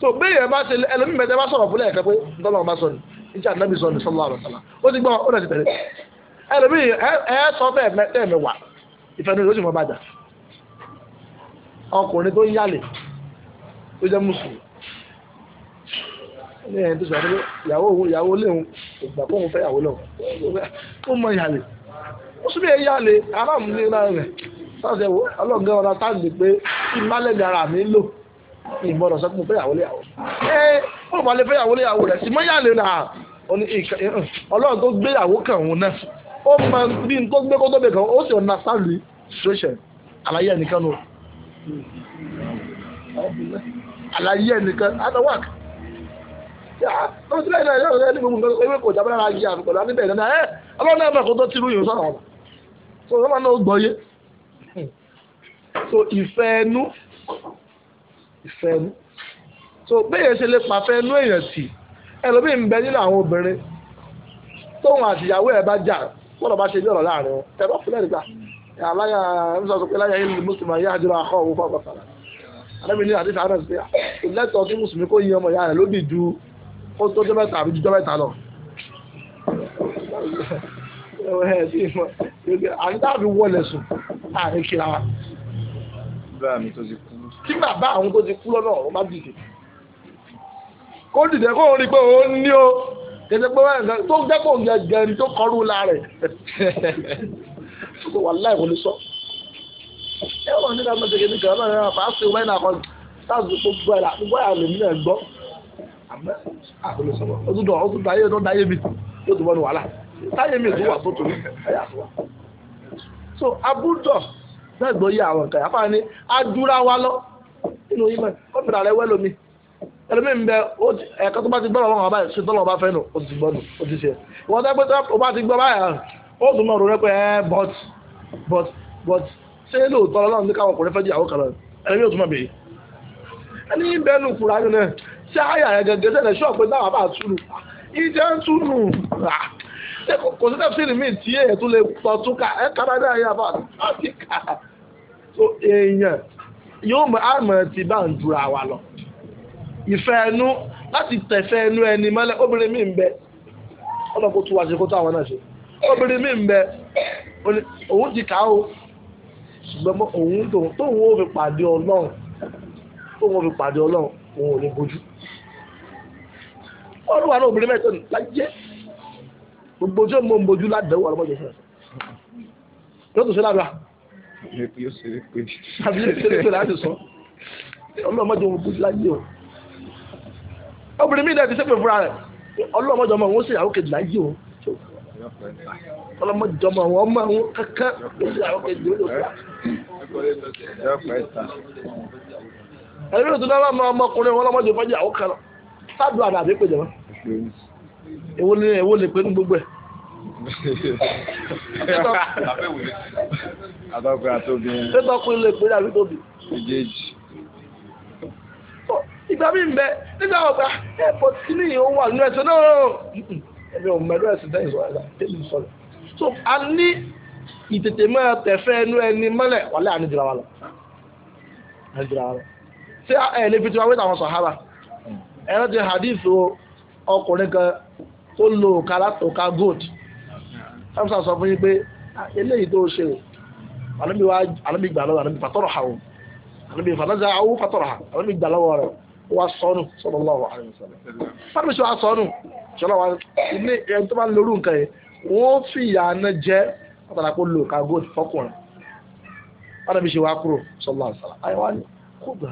so béèyàn bá ṣe ẹlòmíì mẹ́ta bá sọ̀rọ̀ fúnlẹ̀ ẹ̀ka pé ntọ́lọ́wọ́ bá sọ ni iṣẹ́ ànábì sọ ni sọlá ọ̀rọ̀ sọlá ó ti gbọ́ ó náà ti tẹ̀lé ẹlòmíì ẹ sọ bẹ́ẹ̀ tẹ́ẹ̀mẹwàá ìfẹ́nu ìlú sì mọ́ bàjá ọkùnrin tó ń yálè tó jẹ́ mùsùlùmí ní ẹni tó sọ pé ìyàwó òun ìyàwó léhun ìgbà kóhun fẹ́ ìyàwó lọ ó mọ ìyàlè ó sì bẹ́ẹ̀ yálè aráàmù ní ìlànà rẹ̀ sáà ìgbọ́dọ̀ sọ pé mo fẹ́yàwó léyàwó ẹ ó bá lè fẹ́yàwó léyàwó rẹ̀ na mọ́yà lè nà ọlọ́run tó gbéyàwó kan òun náà ó mọ bí n tó gbé kó tó bẹ̀ kàn ó sì ọ̀nà sáàlì situation àlàyé ẹnìkan nù àlàyé ẹnìkan adawak ọlọ́run ah, náà yọ̀ọ́ ní gbogbo nǹkan kò jábọ́ náà ìfẹ́ nú so bẹ́ẹ̀ ṣe lè pàfẹ́ nú èèyàn sí ẹlòmíì ń bẹ nínú àwọn obìnrin tóun àtìyàwó ẹ̀ bá jà wọ́n lọ bá ṣe ní ọ̀rọ̀ láàrin wọn ẹ̀rọ fúnlẹ̀ nígbà aláya ẹ̀mísọ̀ sọ pé láyà ilé mùsùlùmí ayé àjọrò akọ òun fún ọgbàfàlà alábi ní àdéhùn àrẹ sí ìlẹ́tọ̀ọ́ kí mùsùlùmí kó yin ọmọ ìyá rẹ̀ lóbi ju kó tó jẹ́ mẹ́ta àbí jújọ́ mẹ́ta lọ. àǹtá àbí wọlé sùn àárín kíra
bẹ́ẹ̀ mi tó ti
kú
tí bàbá àwọn tó ti kú lọ́nà ọ̀run bá dìde kó dìde kó rí pé òun ní o gẹ́gẹ́ pé wọ́n ẹ̀ tó dẹ́pọ̀ gẹ́gẹ́ ni tó kọrú la rẹ̀ ṣùgbọ́n wà láì wọlé sọ. ẹ wọ́n ní káfíńsì kìíní kan náà náà fà á sí wáyé náà kan sáàsì gbogbo ẹ̀ àti wáyà lèmi náà gbọ́ àmọ́ àkọlé sọ̀rọ̀ ó tún dọ̀ ó tún dáyé tó dáyé mi tó tún bọ́ ní wàhálà táyé mi tó wà tó tó ní ẹ̀yà tó wà. so abúdọ̀ náà gbọ́ yé àwọn kan yàtọ̀ ni adúra wa nínú ìmọ̀ kọ́pìtà rẹ wẹ́lò mi ẹlòmíì ń bẹ ẹ̀ka tó bá ti gbọ́ ọ̀rọ̀ ọ̀bá yẹn ṣe tọ́lọ̀ ọba fẹ́ nù ó ti gbọ́ nù o ti ṣe wọ́n tẹ́ pé tó bá ti gbọ́ báyà ó tún mọ̀ rẹ̀ pé ẹ́ but but but ṣé lóòótọ́ ọlọ́run ní káwọn ọkùnrin fẹ́ di àwọn kan náà ẹlòmíì ò tún mọ̀ bèyí. ẹni bẹ́ẹ̀ nù kúrò ayọ̀ náà ṣé àyà rẹ̀ gẹ́gẹ́ sẹ́lẹ̀ ṣọ́ pé táwọn bá túnú ìjẹ́ ń túnú kò sí tẹ́físìrì míì tí èèyàn tún lè tọ́tún ká ẹ̀ kábàdà yẹn yóò mọ àmọ́ ti bá ń jura wa lọ ìfẹ́ ẹnu láti tẹ̀fẹ́ ẹnu ẹni mọ́lẹ̀ obìnrin mi ń bẹ ọlọ́kó tún wá ṣe kó tó àwọn náà ṣe obìnrin mi ń bẹ òun ti kà ó ṣùgbọ́n òun tóun ó fi pàdé ọlọ́run tóun ó fi pàdé ọlọ́run òun ò ní bójú ọlọ́wà náà obìnrin mẹ́tọ́ ní láyé gbogbo ojú ọmọ ń bójú ládàá wà lọ́mọdé yóò tún ṣe lára
èpè yóò ṣe é pé. àbí
yóò ṣe é pé láti sọ ọlọ́mọdé wọn kú láyé o obìnrin mi náà ti sẹ́pẹ̀ fúnra rẹ̀ ọlọ́mọdé ọmọ wọn ó ṣèyàwó kejì láyé o ọlọ́mọdé ọmọ wọn ọmọ wọn kankan ó ṣèyàwó kejì ó lò fún wa. ẹ̀rí òtún náà máa ọmọkùnrin wọn ọlọ́mọdé fọ́jà àwọn kan sáàdùn àdàbí pèjọ wọn èwo ni èwo lè pé ní gbogbo ẹ̀. Adọ́kùnrin àtòbìnrin. Ṣé tọkùnrin lè pé àbí tóbi? Ìjèjì. Ìgbà mi ń bẹ nígbà airport kìíní ó wà nínú ẹ̀sìn náà. Ẹ̀mi ò ẹ̀sìn dẹ́yìn sọ̀rọ̀ ẹ̀dá tẹ́lẹ̀ sọ̀rọ̀. So a ní ìtètè máa tẹ̀fẹ́ ẹnu ẹni mọ́lẹ̀ wọlé àní jìra wa lọ. Àní jìra wa lọ. Ṣé ẹ̀ lè fi tiwa àwọn sàhábà? hadith ọkùnrin kan tó lo òkà látòkà gold. ẹ̀fọ́ sọ fún yín pé ah, eléyìí tó ṣe o àlọ́bí wa àlọ́bí gbà lọ́wọ́ àlọ́bí fàtọ́rọ̀ ha o àlọ́bí fàtọ́rọ̀ ha o fàtọ́rọ̀ ha àlọ́bí gbà lọ́wọ́ rẹ̀ wa sọnù sallallahu alaihi wasallam fàtọ́rọ̀ ṣe wa sọnù ṣọlá wa ilé ẹni tó bá ń lorú nǹkan yẹn wọ́n fi ìyá náà jẹ́ àtàlà kó lò ká góòtù fọkùnrin àlọ́bí ṣe wa kúrò sallallahu alaihi wasallam àyẹ̀wò ni kó gbà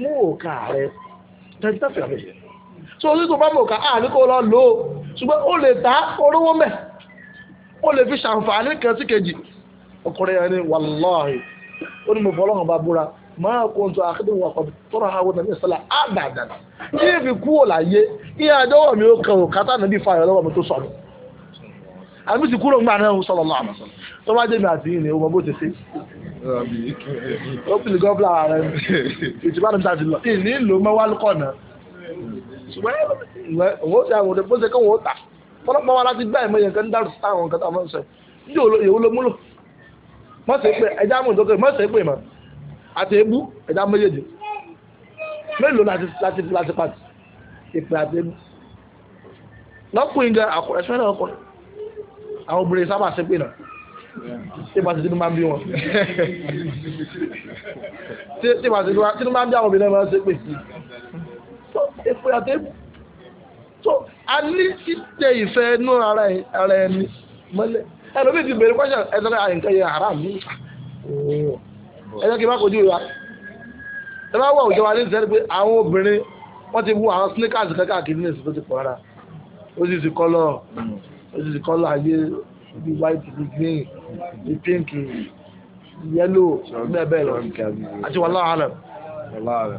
mú òkà rẹ̀ tẹ̀síntàfẹ́ àbẹ̀ṣẹ̀ so orí tó bá mọ̀ ká àní kó lọ lò ó ṣùgbọ́n ó lè ta orówó mẹ́ kó lè fi ṣàǹfààní kan sí kejì ọkùnrin yẹn ni wàláhì ó ní mo fọ́ ọlọ́run bá búra máa kó n tó akédèwò àkọ́bí tọ́rọ àwọn nàbí ìsọ́lá àdàdàn kí n fi kú òláyé ìyá àjọwọ̀ mi ó kàn ó kátà nàbí fàyọ̀ lọ́wọ́ mi tó sọ̀rọ̀ àbí ti kúrò ńgbà náà sọ̀rọ̀ lọ́wọ́ àmọ́ tó bá jẹ́mi àti yìnyín ọmọ bó ti ṣe. ó pìlì gọ́ọ̀bùlà rẹ̀ ìtìbá ni tàbí lọ ìní ìlú mẹ́wàá lọ́kọ̀ọ̀nà ṣùgbọ́n ìwọ́n ti àwọn òde bó kọ́ wọn ó tà ọ̀pọ̀lọpọ̀ wa láti gbá ìmọ̀ yẹn kan dárò sí àwọn nǹkan tá a máa ń sọ yìí yòó ló múlò má ṣe pé ẹja mú ìdókè má ṣe pé mọ́ àti ebú ẹja méjèèjì mélòó láti láti láti pàtì ìpè àti ebú lọ́kùnrin gan àkùrẹ́ sọ́dọ̀ ọkùnrin àwọn obìnrin sábà ṣe pé náà tí ìbá ti máa ń bí wọn
tí ìbá ti máa
ń bí àwọn obìnrin máa ń ṣe pé ìpè àti ebú so a ní títẹ ìfẹ́ inú ara ẹni mọ́lẹ̀ ẹlòmíì ti bèrè question ẹ̀sán náà ah, nǹkan yẹn haram ní oh. ẹ̀sán kí n bá kojú ìwà ẹ bá wà òjò wa ní ìsẹ́ni pé àwọn obìnrin wọ́n ti wú àwọn sneakers kankan kì í ní èsì tó ti pọ̀ rárá ó sì sì kọ́lọ̀ ó sì sì kọ́lọ̀ ayé bí white bí green bí pink yellow bẹ́ẹ̀ bẹ́ẹ̀ lọ àti wàhálà àlẹ́.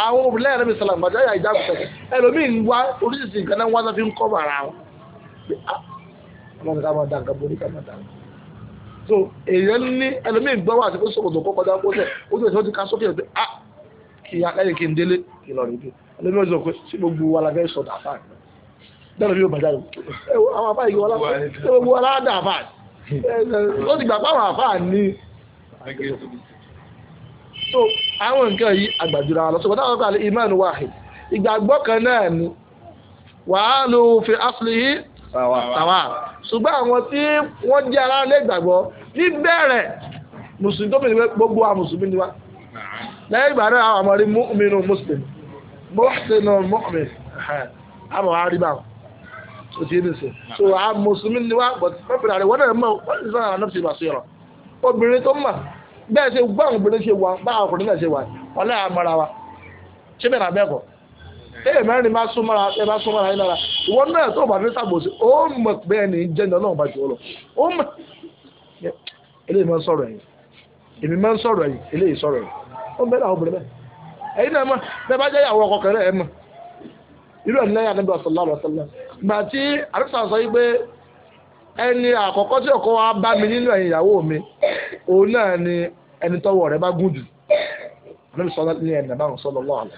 àwọn obìnrin ẹ̀rọ mi sọ̀rọ̀ àgbàjá yà ìjà kùtà ẹlòmíì ń wá oríṣiríṣi nǹkan náà wá sọ fi ń kọ́ bàrà wọn. Ah, ọlọ́run ká máa da nǹkan borí ká máa da nǹkan. so èèyàn ní ẹlòmíì gbọ́ wà sí pé sọ̀kòtò kó kọjá kó tẹ̀ ó sì ti ká sókè pé ah, a kì í lẹ́yìn kí n délé kì í lọ rí bí ẹlòmíì sọ pé sí gbogbo wa la fẹ́ sọ dàfà dáná bí wa lá so àwọn nǹkan yìí àgbàjúra lọ sọgbọn táwọn kàlẹ iman wahid ìgbàgbọ́ kan náà ni wàá lò fi aslihi tàwa ṣùgbọ́n àwọn tí wọ́n jẹ́ ara lé ìgbàgbọ́ ní bẹ̀rẹ̀ mùsùlùmí tó mìíràn gbogbo àwọn mùsùlùmí ni wá lẹ́yìn ìgbà náà àwọn ọmọ rí mu'minu muslim muhsinu mu'min àmọ́ wá rí báwọn o ti ní sè so àwọn mùsùlùmí ni wá bọ̀ mọ́bìnrin àrẹ̀wọ́n náà mọ̀ wọ́n ti sọ bẹ́ẹ̀ ṣe gbọ́ àwọn obìnrin ṣe wà báwọn ọkùnrin náà ṣe wà ọ̀lẹ́ àmọ́ra wa ṣé bẹ́ẹ̀ náà bẹ́ẹ̀ kọ́ ẹ̀ mẹ́rin bá súnmọ́ra ẹ bá súnmọ́ra yín ìwọ náà tó bá fi sàbòsí ó mọ̀ bẹ́ẹ̀ ni jẹ́ni ọlọ́run bá jù ọ lọ ó mọ̀ eléyìí máa ń sọ̀rọ̀ èmi máa ń sọ̀rọ̀ eléyìí sọ̀rọ̀ ó obìnrin bẹ́ẹ̀ náà mọ̀ bẹ́ẹ̀ bá jẹ́ ìyàwó ọkọ ẹ̀ mọ̀ irú ẹ̀ nílẹ̀ yà ọ̀sán ẹni àkọ́kọ́ tí ọkọ wa bá mi nínú ẹ̀yìn ìyàwó mi òun náà ni ẹni tọ́wọ́ bá gùn jù ọ̀nà ní ẹ̀nà bá ń lọ́wọ́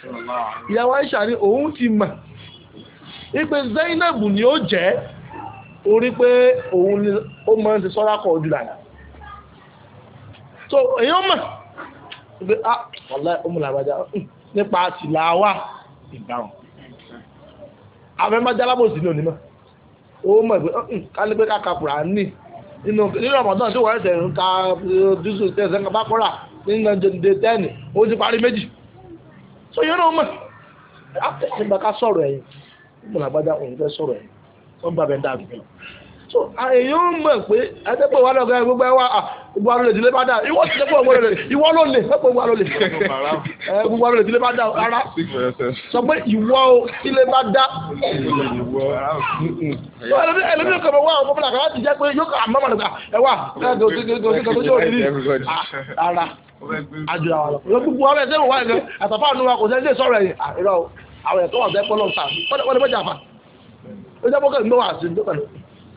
ìyàwó Aisha ni òun ti mọ̀ ipe Zainab ni ó jẹ́ orí pé òun ni ó máa ń ti kọ̀ ojú so mọ̀ pé ó mọ̀ pé kálípé ká kapùrà ní nínú nínú ọmọdún tí wọ́n ẹsẹ̀ ń ka dúsù eh, tẹ̀sán kan bá kọ́ra nínú dé tẹ́ẹ̀nì ó ti parí méjì so yẹn náà mọ̀ àtẹ̀sẹ̀ bá ká sọ̀rọ̀ ẹ̀yìn ìgbọ̀n òun fẹ́ sọ̀rọ̀ ẹ̀yìn bẹ́ẹ̀ dáàbò so èyí ó mọ̀ pé ẹ̀dẹ́gbẹ̀ wà lọ́gà gbogbo ẹwà gbogbo àlọ́ ìdílé bá dà ìwọ ti dẹ́gbẹ̀ ọgbọ́n rẹ̀ ìwọ ló lè fẹ́ gbogbo àlọ́ lè gbogbo àlọ́ ìdílé bá dà ara sọ pé ìwọ ìdílé bá dà. ẹlẹ́mìí kan wà ọ̀pọ̀ fúnra kan láti jẹ́ pé yóò kà á mọ́mọ́ nípa ẹ̀wà ẹ̀ẹ́dọ̀tí tó rí ara àjọ àwọn ọ̀pọ̀ gbogbo ọ̀rẹ́ ẹ̀sẹ̀ wà ẹ̀gẹ́ àtàfà àánú wa kò sẹ́ńdẹ̀ sọ̀rọ̀ ẹ̀yìn àwọn ẹ̀tọ́ wà bẹ́ẹ̀ pọ́lọ́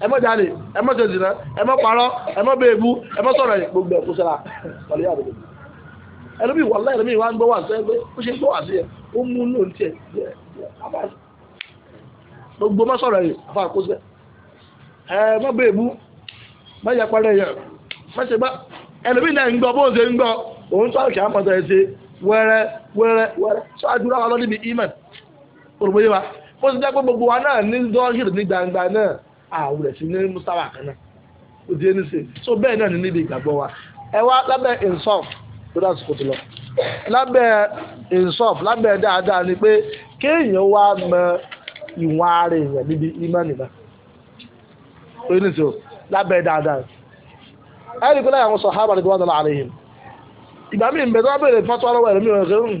ẹ má jalè ẹ má ṣe zina ẹ má parọ́ ebu ẹ má sọ̀rọ̀ gbogbo ẹkú sara wàlẹ yàrá òde ẹlòmí wàlẹ ẹlòmí wà ń gbọ́ wà sẹ ó ṣe gbọ́ wà sí ẹ ó mú ní òun gbogbo má sọ̀rọ̀ ẹ ebu má yà parẹ́ bá ẹlòmí náà ń gbọ́ bó ń ṣe ń gbọ́ òun tó àṣà àpàtà ẹ ṣe wẹrẹ wẹrẹ wẹrẹ sọ àdúrà wà lọ níbi imẹ olùbóyè wa bó ti jẹ́ gbogbo àwùrẹ̀ sí ní mustawa kan náà kò dé sè so bẹ́ẹ̀ náà ní níbi ìgbàgbọ́ wa ẹ wá lábẹ́ insof tó dá sùkùtù lọ lábẹ́ insof lábẹ́ dáadáa ni pé kéèyàn wá mọ ìwọ̀n ara èèyàn níbi ìmánì náà kò ní sè o lábẹ́ dáadáa ẹ rí i pé láyà àwọn sàhábà ni wọ́n dáná àlẹ́ yìí ìgbà míì bẹ̀rẹ̀ wọ́n bẹ̀rẹ̀ fọ́tọ́ ọlọ́wọ́ ẹ̀rọ mi ò rẹ̀ ń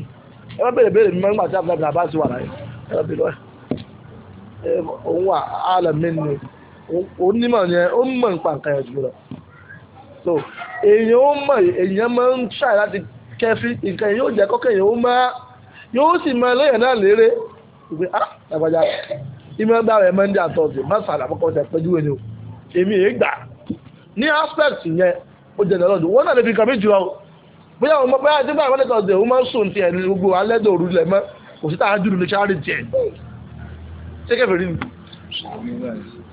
ẹ wọ́n bẹ̀rẹ̀ bẹ̀rẹ̀ mímọ́ nígbà tí abdullahi abdullahi abdullahi wà láyé ẹ wọ́n bẹ̀rẹ̀ wọ́n òun wà á lẹ̀ nìyẹn. onímọ̀ yẹn ó mọ̀ nípa nǹkan yẹn jùlọ so èèyàn ó mọ̀ èèyàn máa ń ṣàì láti kẹfí nǹkan yẹn yóò jẹ́ kọ́kẹ́ yẹn ó máa yóò sì máa lẹ́yìn náà ah àgbàjá ìmọ̀ rẹ̀ máa ń dé àtọ̀tì má sàlà àkọ́kọ́ tẹ̀ pẹ́jú wẹ̀ ni o èmi èé gbà ní aspect yẹn ó jẹ́ wọ́n náà lè fi bóyá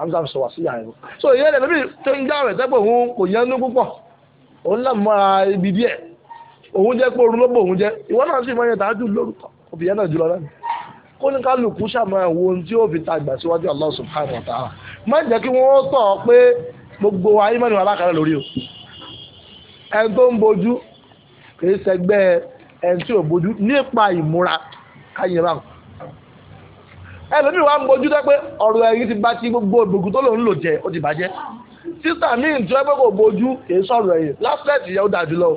hamza sọ wá sí yàrá ìwọ so ìyẹn lẹ́nu bí tó ń dáwẹ̀ tẹ́pọ̀ òun kò yẹnu púpọ̀ òun náà mọ́ra ibi díẹ̀ òun jẹ́ pé orun ló bò òun jẹ́ ìwọ náà sì mọ iye tàájú lórúkọ òbí yẹn náà jùlọ náà kó ní kálukú ṣàmọ́ ẹ̀wọ̀ ohun tí ó fi ta ìgbà síwájú Allah subhanahu wa ta'ala má jẹ́ kí wọ́n tọ̀ ọ́ pé gbogbo ayé mọ́ni wà lákàrẹ́ lórí o ẹni tó ń bojú kì í sẹgbẹ́ ẹni tí ò bojú nípa ìmúra káyìn báwọn ẹlòmíì wa ń bojú tó pé ọ̀rọ̀ ẹ̀yìn ti bá ti gbogbo ìgbòkú tó lòun lò jẹ́ ó ti bàjẹ́ sísà míì tó pé kò bojú kìí sọ̀rọ̀ ẹ̀yìn lásìlẹ̀tì yẹn ó dájú lọ.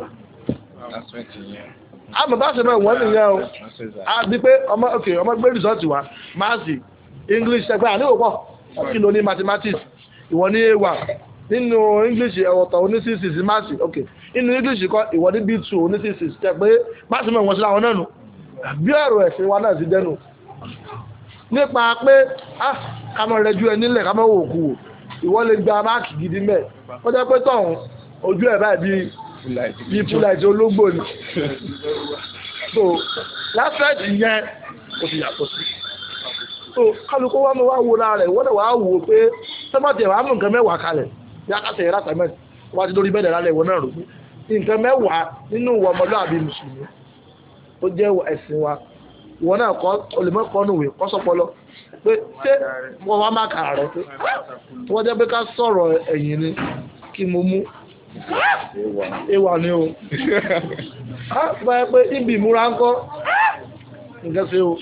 àmọ́ bá ṣe bẹ́ẹ̀ wọ́n nìyẹn o àbí
pé ọmọ ok ọmọ gbé rìsọ́ọ̀tì wa máàsì english ṣẹgbẹ́ àníwò pọ̀ kí ló ní mathematics ìwọ ní a one nínú english ẹ̀wọ̀tọ̀ oní six six máàsì ok nínú english kọ́ ìwọ ní b two oní six six ṣẹ pé máàsì mọ̀ wọ́n sí láwọn náà nù bí ọ̀rọ̀ ẹ̀sìn wa náà ti dẹnu nípa pé ah, ká mọ̀ rẹjú ẹ nílẹ̀ ká mọ̀ wò kú wò ìwọ lè gba máàkì gidi mẹ́ ó jẹ́ pé tọ̀hún ojú ẹ̀ báyìí bíi bíi fúláìtì ológbò ni so láfẹ̀t yẹn ó ti yàtọ̀ sí so kálukú wa mọ̀ wá wo la rẹ̀ wọ́n dẹ̀ wá wò pé sẹ́mọ̀tì ẹ̀ wà á mú nǹkan mẹ́wàá kalẹ̀ yàtọ̀ yẹn látàmẹ́ wọ́n ti lórí bẹ́ẹ̀ lálẹ́ ìwọ náà rò pé nǹkan mẹ́wàá nínú ìwọ ọmọlúwàbí mùsùlùmí ó jẹ́ ẹ̀sìn wa wọn náà kọ́ olùmọ̀kọ́ nùwé kọ́ sọ́pọlọ pé ṣé wọ́n wá má kàrà rẹ̀ pé ah! wọ́n jẹ́ pé ká sọ̀rọ̀ ẹ̀yìn ni kí mo mú ni o *laughs* ah! báyẹ̀ pé ibi ìmúra ń kọ́ nǹkan ṣe o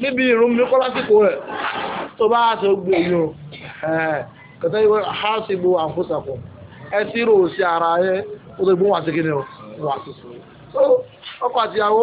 níbi ìrún mi kọ́ lásìkò rẹ̀ tó ha àǹkóṣàpọ̀ ẹ ti rò sí ara yẹn ó tó o wà sí so ọkọ àtìyàwó.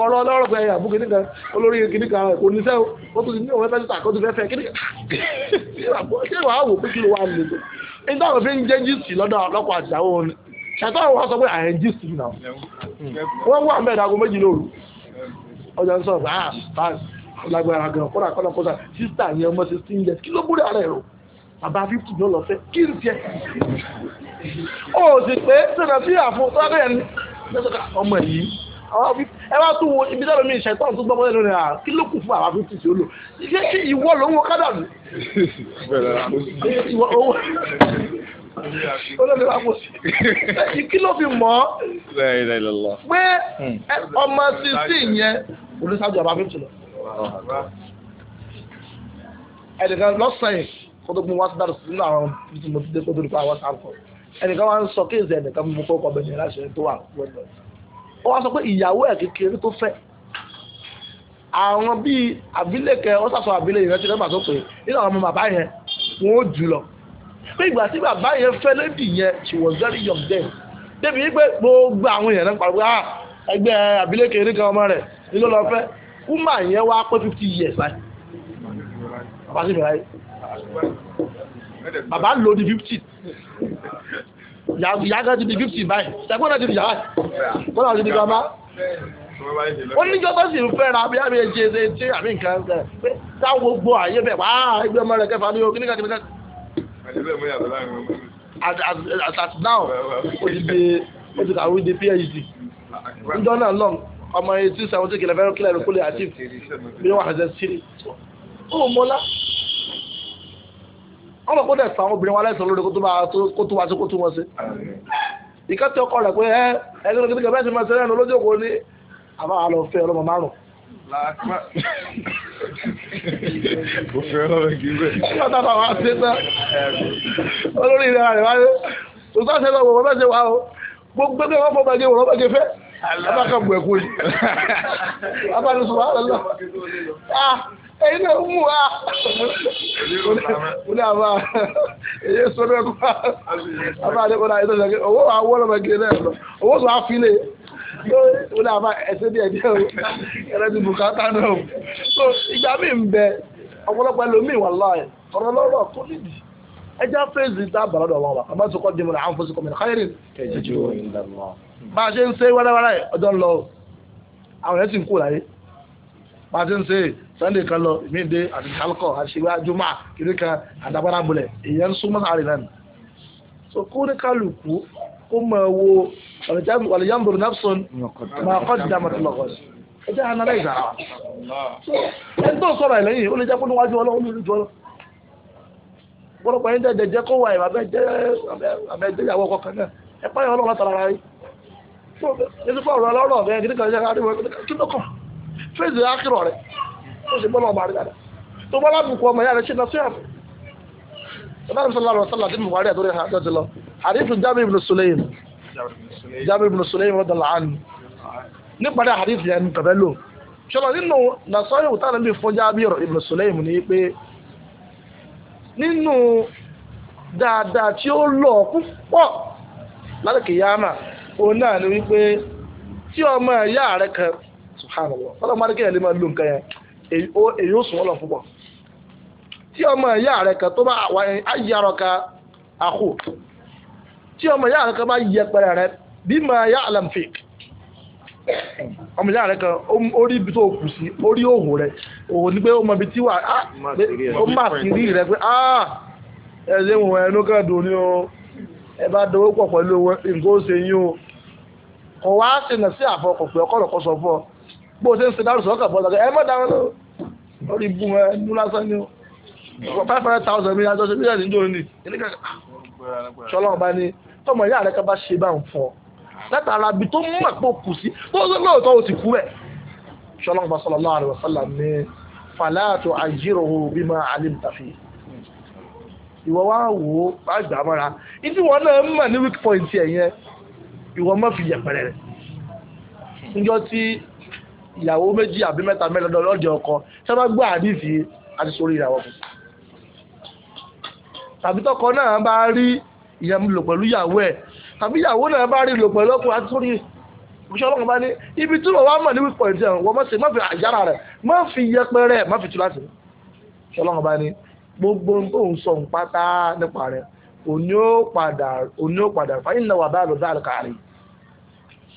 ọ̀rọ̀ ọlọrọ pé ẹ̀yà búkì nìkan olórí kìíní kan kò ní sẹ́wọ́ ó tún ní òun fẹ́ẹ́ tàkó tún fẹ́ẹ́ kìíní *laughs* ṣé wàá wò pé kí ló wà lè tó fi ń jẹ́ jíìsì lọ́dọ̀ ọlọ́pàá àti àwọn òní ṣàtọ́ wọn sọ pé à jíìsì nà wọ́n wà ń bẹ̀ dàgọ́ méjì lóru ọjà ń sọ pé ah fine lágbára gan kọ́dà sísítà yẹn ọmọ sixteen years kí ló búrẹ́ ara ẹ̀rọ bàbá fifty ló lọ kí n sì pé sọ̀rọ̀ sí àfọ̀ bẹ́ẹ̀ ni ọmọ yìí àwọn ẹ wá tún wo ibi dábàá mi ìṣẹ̀tọ́ ọ̀tún gbọ́ bọ́lẹ̀ lónìí à kí ló kù fún àwọn afẹ́tì tí ó lò ṣé ìwọ ló ń wo kádàlù. olóòlù àpòsí kí ló fi mọ̀
ọ́ pé hmm.
ọmọ sísè yẹn olùsájú àbá fífi lọ. ẹnìkan lọ́sàn-án kó tó gbé wá sí dárò sínú àwọn tí mo ti dé kó tó àwọn sáà ẹnìkan wá ń sọ kí n sẹ ẹnìkan mú kó kọ bẹ̀rẹ̀ láṣẹ tó wà wọ́n ó wá sọ pé ìyàwó ẹ̀ kékeré tó fẹ́ àwọn bíi àbílẹ̀kẹ́ ó sàṣọ àbílẹ̀ ìrántí lọ́gbà tó pé nínú àwọn ọmọ bàbá yẹn wọ́n ó jù lọ pé ìgbà tí bàbá yẹn fẹ́ lẹ́dì yẹn she was very young then débi wípé gbogbo àwọn èèyàn náà pariwo ah ẹgbẹ́ àbílẹ̀kẹ́ nìkan ọmọ rẹ̀ nílò lọ fẹ́ kúmà yẹn wá pé fifty years báyìí bàbá sì bẹ̀rẹ̀ bàbá lò di fifty ìyá kan ti di fifty báyìí ṣàgbọ́n náà ti di yàrá wọ́n náà ti di gbàmá. ó ní jọba sì ń fẹ́ra bí a bẹ̀rẹ̀ ṣe ṣe ṣe àmì nǹkan kan pé táwọn gbogbo àyè bẹ̀ wá ẹgbẹ́ ọmọ rẹ̀ kẹfà ní o kíníkà kíníkà. as now o ti di o ti kàwé di phd njọ́ náà lọ́n ọmọ eighteen seventeen kìlẹ̀ fẹ́ràn kílẹ̀ rẹ̀ kúlẹ̀ àti bí wọ́n àṣẹ sírí. ó mọ́lá ọmọ kó dẹ̀ sọ àwọn obìnrin wa lẹ́sàn lórí kó tó wá sí kó tó wọn sí. ìka tí ọkọ rẹ̀ pé ẹ ẹgbẹ́ kìíní kẹfẹ́ ṣe máa ṣe lẹ́nu lójú òkú ní àbá àlọ́ fẹ́ ọlọ́mọ márùn. kò fẹ́ ọlọ́mọ
kì í bẹ̀. ọlọ́mọ tá a bá wá sí tán
olórí ìlera rẹ̀ wáyé òtún àṣẹ lọ́wọ́ wọ́n mẹ́sẹ̀ wá o gbogbo ẹgbẹ́ wọn fọ́ bàjẹ́ wọ́n bàjẹ́ fẹ́ abákan bù ẹ̀kú yìí
abánisọ̀ wà lọ́lọ́ èyí náà ń mú wa.
ó ní àbá èyí sọ bẹ́ẹ̀ kó àbá àdékò náà ètò ìṣàkè owó wa wọ́n lọ́mọ gé náà lọ owó sọ àfilẹ̀ ó ní àbá ẹsẹ̀ díẹ̀ díẹ̀
o ẹ̀rẹ́ ti bùkátà náà o.
so ìgbà mi ń bẹ ọ̀pọ̀lọpọ̀ ẹlòmíì wà láàyè ọ̀rọ̀ lọ́rọ̀ kó nídìí ẹjá fèsì tá a bàrọ̀ dọ̀ wọn wa àbá tó kọ́ náà àwọn fòsìkò náà káyọ̀rì. bá a ṣe sunday kan lọ èmi dé àti halkọ àṣìwá jùmọ̀ kiri kan àdàgbára bulẹ̀ èyàn ń súnmọ́ sáré náà ni. so kó ní kálukú kó mọ wo wàlìyàmbòrò napson máa kọ́ di dàmọ́ tó lọ́kọ́ sí ẹ jẹ́ àná ìgbà wa. ẹni tó sọ̀rọ̀ ẹ̀ lẹ́yìn ó lè jẹ́ kó níwájú ọlọ́run ló lè jọ lọ. ọ̀pọ̀lọpọ̀ yẹn jẹ́ jẹ́ kó wà ẹ̀ àbẹ́jẹ́ ìyàwó ọkọ̀ kan náà ẹ̀ pààyàn ọlọ́run látara rẹ̀ yìí. ẹ ti fọ ọ̀rọ̀ ọlọ́rọ̀ rẹ̀ kí ni kàn tó ṣe gbọ́nà ọba rẹ̀ dáadáa tó bá lábùkù ọmọ yára ṣe lọ́sọ́ yàtọ̀ sọlá ní sọlá rọ sọlá tí buhari àtúrò ìhà àjọ ti lọ hadithu jabir ibn suleim jabir ibn suleim rọdọ làánì nípa dá hadithu yẹn kẹfẹ lò ṣọlá nínú nasọ́yìn òtá nàbí fún jabir ibn suleim ní pé nínú dáadáa tí ó lọ púpọ̀ lálùkì yáàmà òun náà ni wípé tí ọmọ ìyá rẹ kan subhanallah fọlọ́mọdé kéèyàn lè yẹn èyí ó sùn wọ́n lọ fún bọ̀ tí ọmọ ìyá rẹ kan tó bá ayára ka àkó tí ọmọ ìyá rẹ kan bá yẹpẹrẹ rẹ bí mà yá alamfik ọmọ ìyá rẹ kan ó rí ibi tó kù sí ó rí òhùn rẹ òhùn ni pé ó mọ ibi tí wà ah, á ó má sí rí rẹ pé áà ah, ẹ wọn ẹnu kan dùn ní o ẹ bá dọwọ́ pọ̀ pẹ̀lú nǹkan ṣe yín o kò wá ṣe nà sí àfọkọ̀ pé ọkọ̀ lọ́kọ̀ sọ fún ọ bó o ṣe ń ṣe dárò sọ́kà bọ́ọ̀lù ẹ mọ̀ dáhùn náà orí bú ẹ mú lásán ni o five hundred thousand mi àjọṣe mílíọ̀nù níjó ni ìníkà ah, ṣọlọ́run bá ní tọmọ ìyá rẹ ká bá ṣe báwọn fọ látara ibi tó mú àpò kù sí tó lóòótọ́ o ti kú ẹ̀ ṣọlọ́run bá sallallahu alaihi wasallam ní fàlàtò àjíròhò bímọ àlèmtàfì ìwọ wá wò ó bá gbà mọ́ra ìdí wọn náà ń mọ̀ ní weak point ẹ̀ yẹn ìwọ má fi yẹpẹrẹ rẹ̀ níjọ́ tí ìyàwó méjì àbí mẹ́ta mẹ́rin lọ́dọ̀ ọkọ ṣé bá gbọ́ àdìsí àti sórí ìyàwó fún tàbí tọkọ náà bá rí ìyàmú lò pẹ̀lú ìyàwó ẹ̀ tàbí ìyàwó náà bá rí lò pẹ̀lú ọkùnrin àti sórí òṣìṣẹ́ ọlọ́run bá ní ibi tí wọ́n wá mọ̀ ní wípọ̀n tí wọ́n mọ̀ sí má fi àjára rẹ̀ má fi yẹpẹrẹ má fi tú láti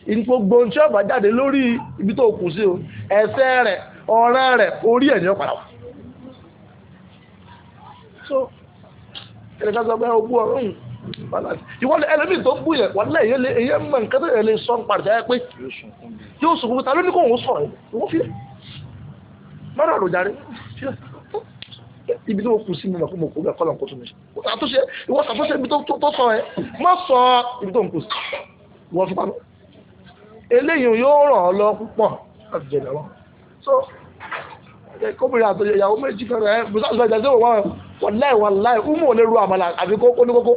gbogbo ohun tí ọba jáde lórí ibi tó kù sí o ẹsẹ̀ rẹ̀ ọ̀rẹ́ rẹ̀ orí ẹ̀ ní ọ̀padà wà. so ẹnìkan sọ pé ogún ọ̀rọ̀ ń ìwọ ni ẹlẹ́mìí tó bú yẹn wọ́n lẹ́yìn lé èyẹ mọ̀ nǹkan tó yẹ lè sọ nípa rẹ̀ pé yóò sùn fún mi ta ló ní kó òun sọ ẹ̀ òun fi mọ́nà àròjàre ibi tó kù sí mi mọ̀ kó mo kó bẹ́ẹ̀ kọ́ lọ́n kó tó mi ṣe àtúnṣe ìwọ ṣàtúnṣe ibi tó sọ ẹ má sọ ibi tó ń kù sí wọ́n fi pamọ́ eléyìí yóò ràn ọ́ lọ púpọ̀ láti jẹ ìyàwó so kóbìnrin àti ìyàwó méjì kan ẹ bùsàtù ìjà sí òwò wàláì wàláì umu ò lè ru àmàlà àfi kókó ní kókó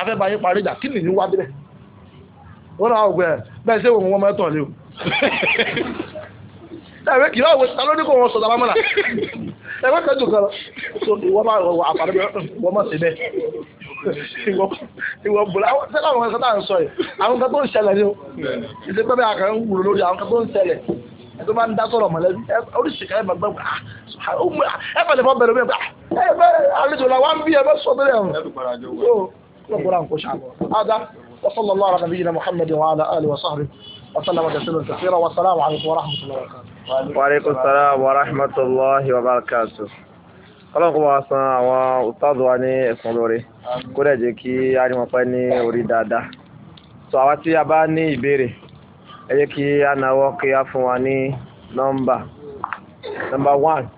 afẹ́bàáyé parí ìjà kí nìyí wá bílẹ̀ wọ́n náà ọ̀gbẹ́ bẹ́ẹ̀ sí òun wọn mẹ́tọ̀ lé o ẹ̀rẹ́ kìlọ̀ òwe ta ló ní kó wọn sọ̀tà bámọ́là ẹ̀rẹ́ kẹjù kan so ìwọ́n máa wọ àpàdé wọ́n mọ̀ sí bẹ́ẹ̀ ìwọ bùrọ àwọn sẹ́lá àwọn kan tá à ń sọ yìí àwọn kan tó ń ṣẹlẹ̀ ni o ìṣe pẹ́ bẹ́ẹ̀ àkàrà ń wúro lórí àwọn kan tó ń ṣẹlẹ̀ ẹ tó bá ń dá sọ̀rọ̀ mọ̀lẹ́bí oríṣi kan ẹ máa gbọ́ ah, ah, ẹ fẹ́ lè fọ́ bẹ̀rẹ̀ bẹ́ẹ̀ ah,
ẹ bẹ́ àlejò la ń bí
ẹ bẹ́ sọ bẹ́ẹ̀ ọ̀hún. وصلى الله على نبينا محمد وعلى اله وصحبه وسلم تسليما كثيرا والسلام عليكم ورحمه الله
وبركاته. وعليكم السلام ورحمه الله وبركاته ọlọ́run kó máa san àwọn òtáàdù wa ní ẹ̀sùn lórí kó dẹ̀ jẹ́ kí a ní wọn pẹ́ ní orí dáadáa so àwa tí a bá ní ìbéèrè ẹ jẹ́ kí a náwó kí a fún wa ní nọ́mbà nọ́mbà one.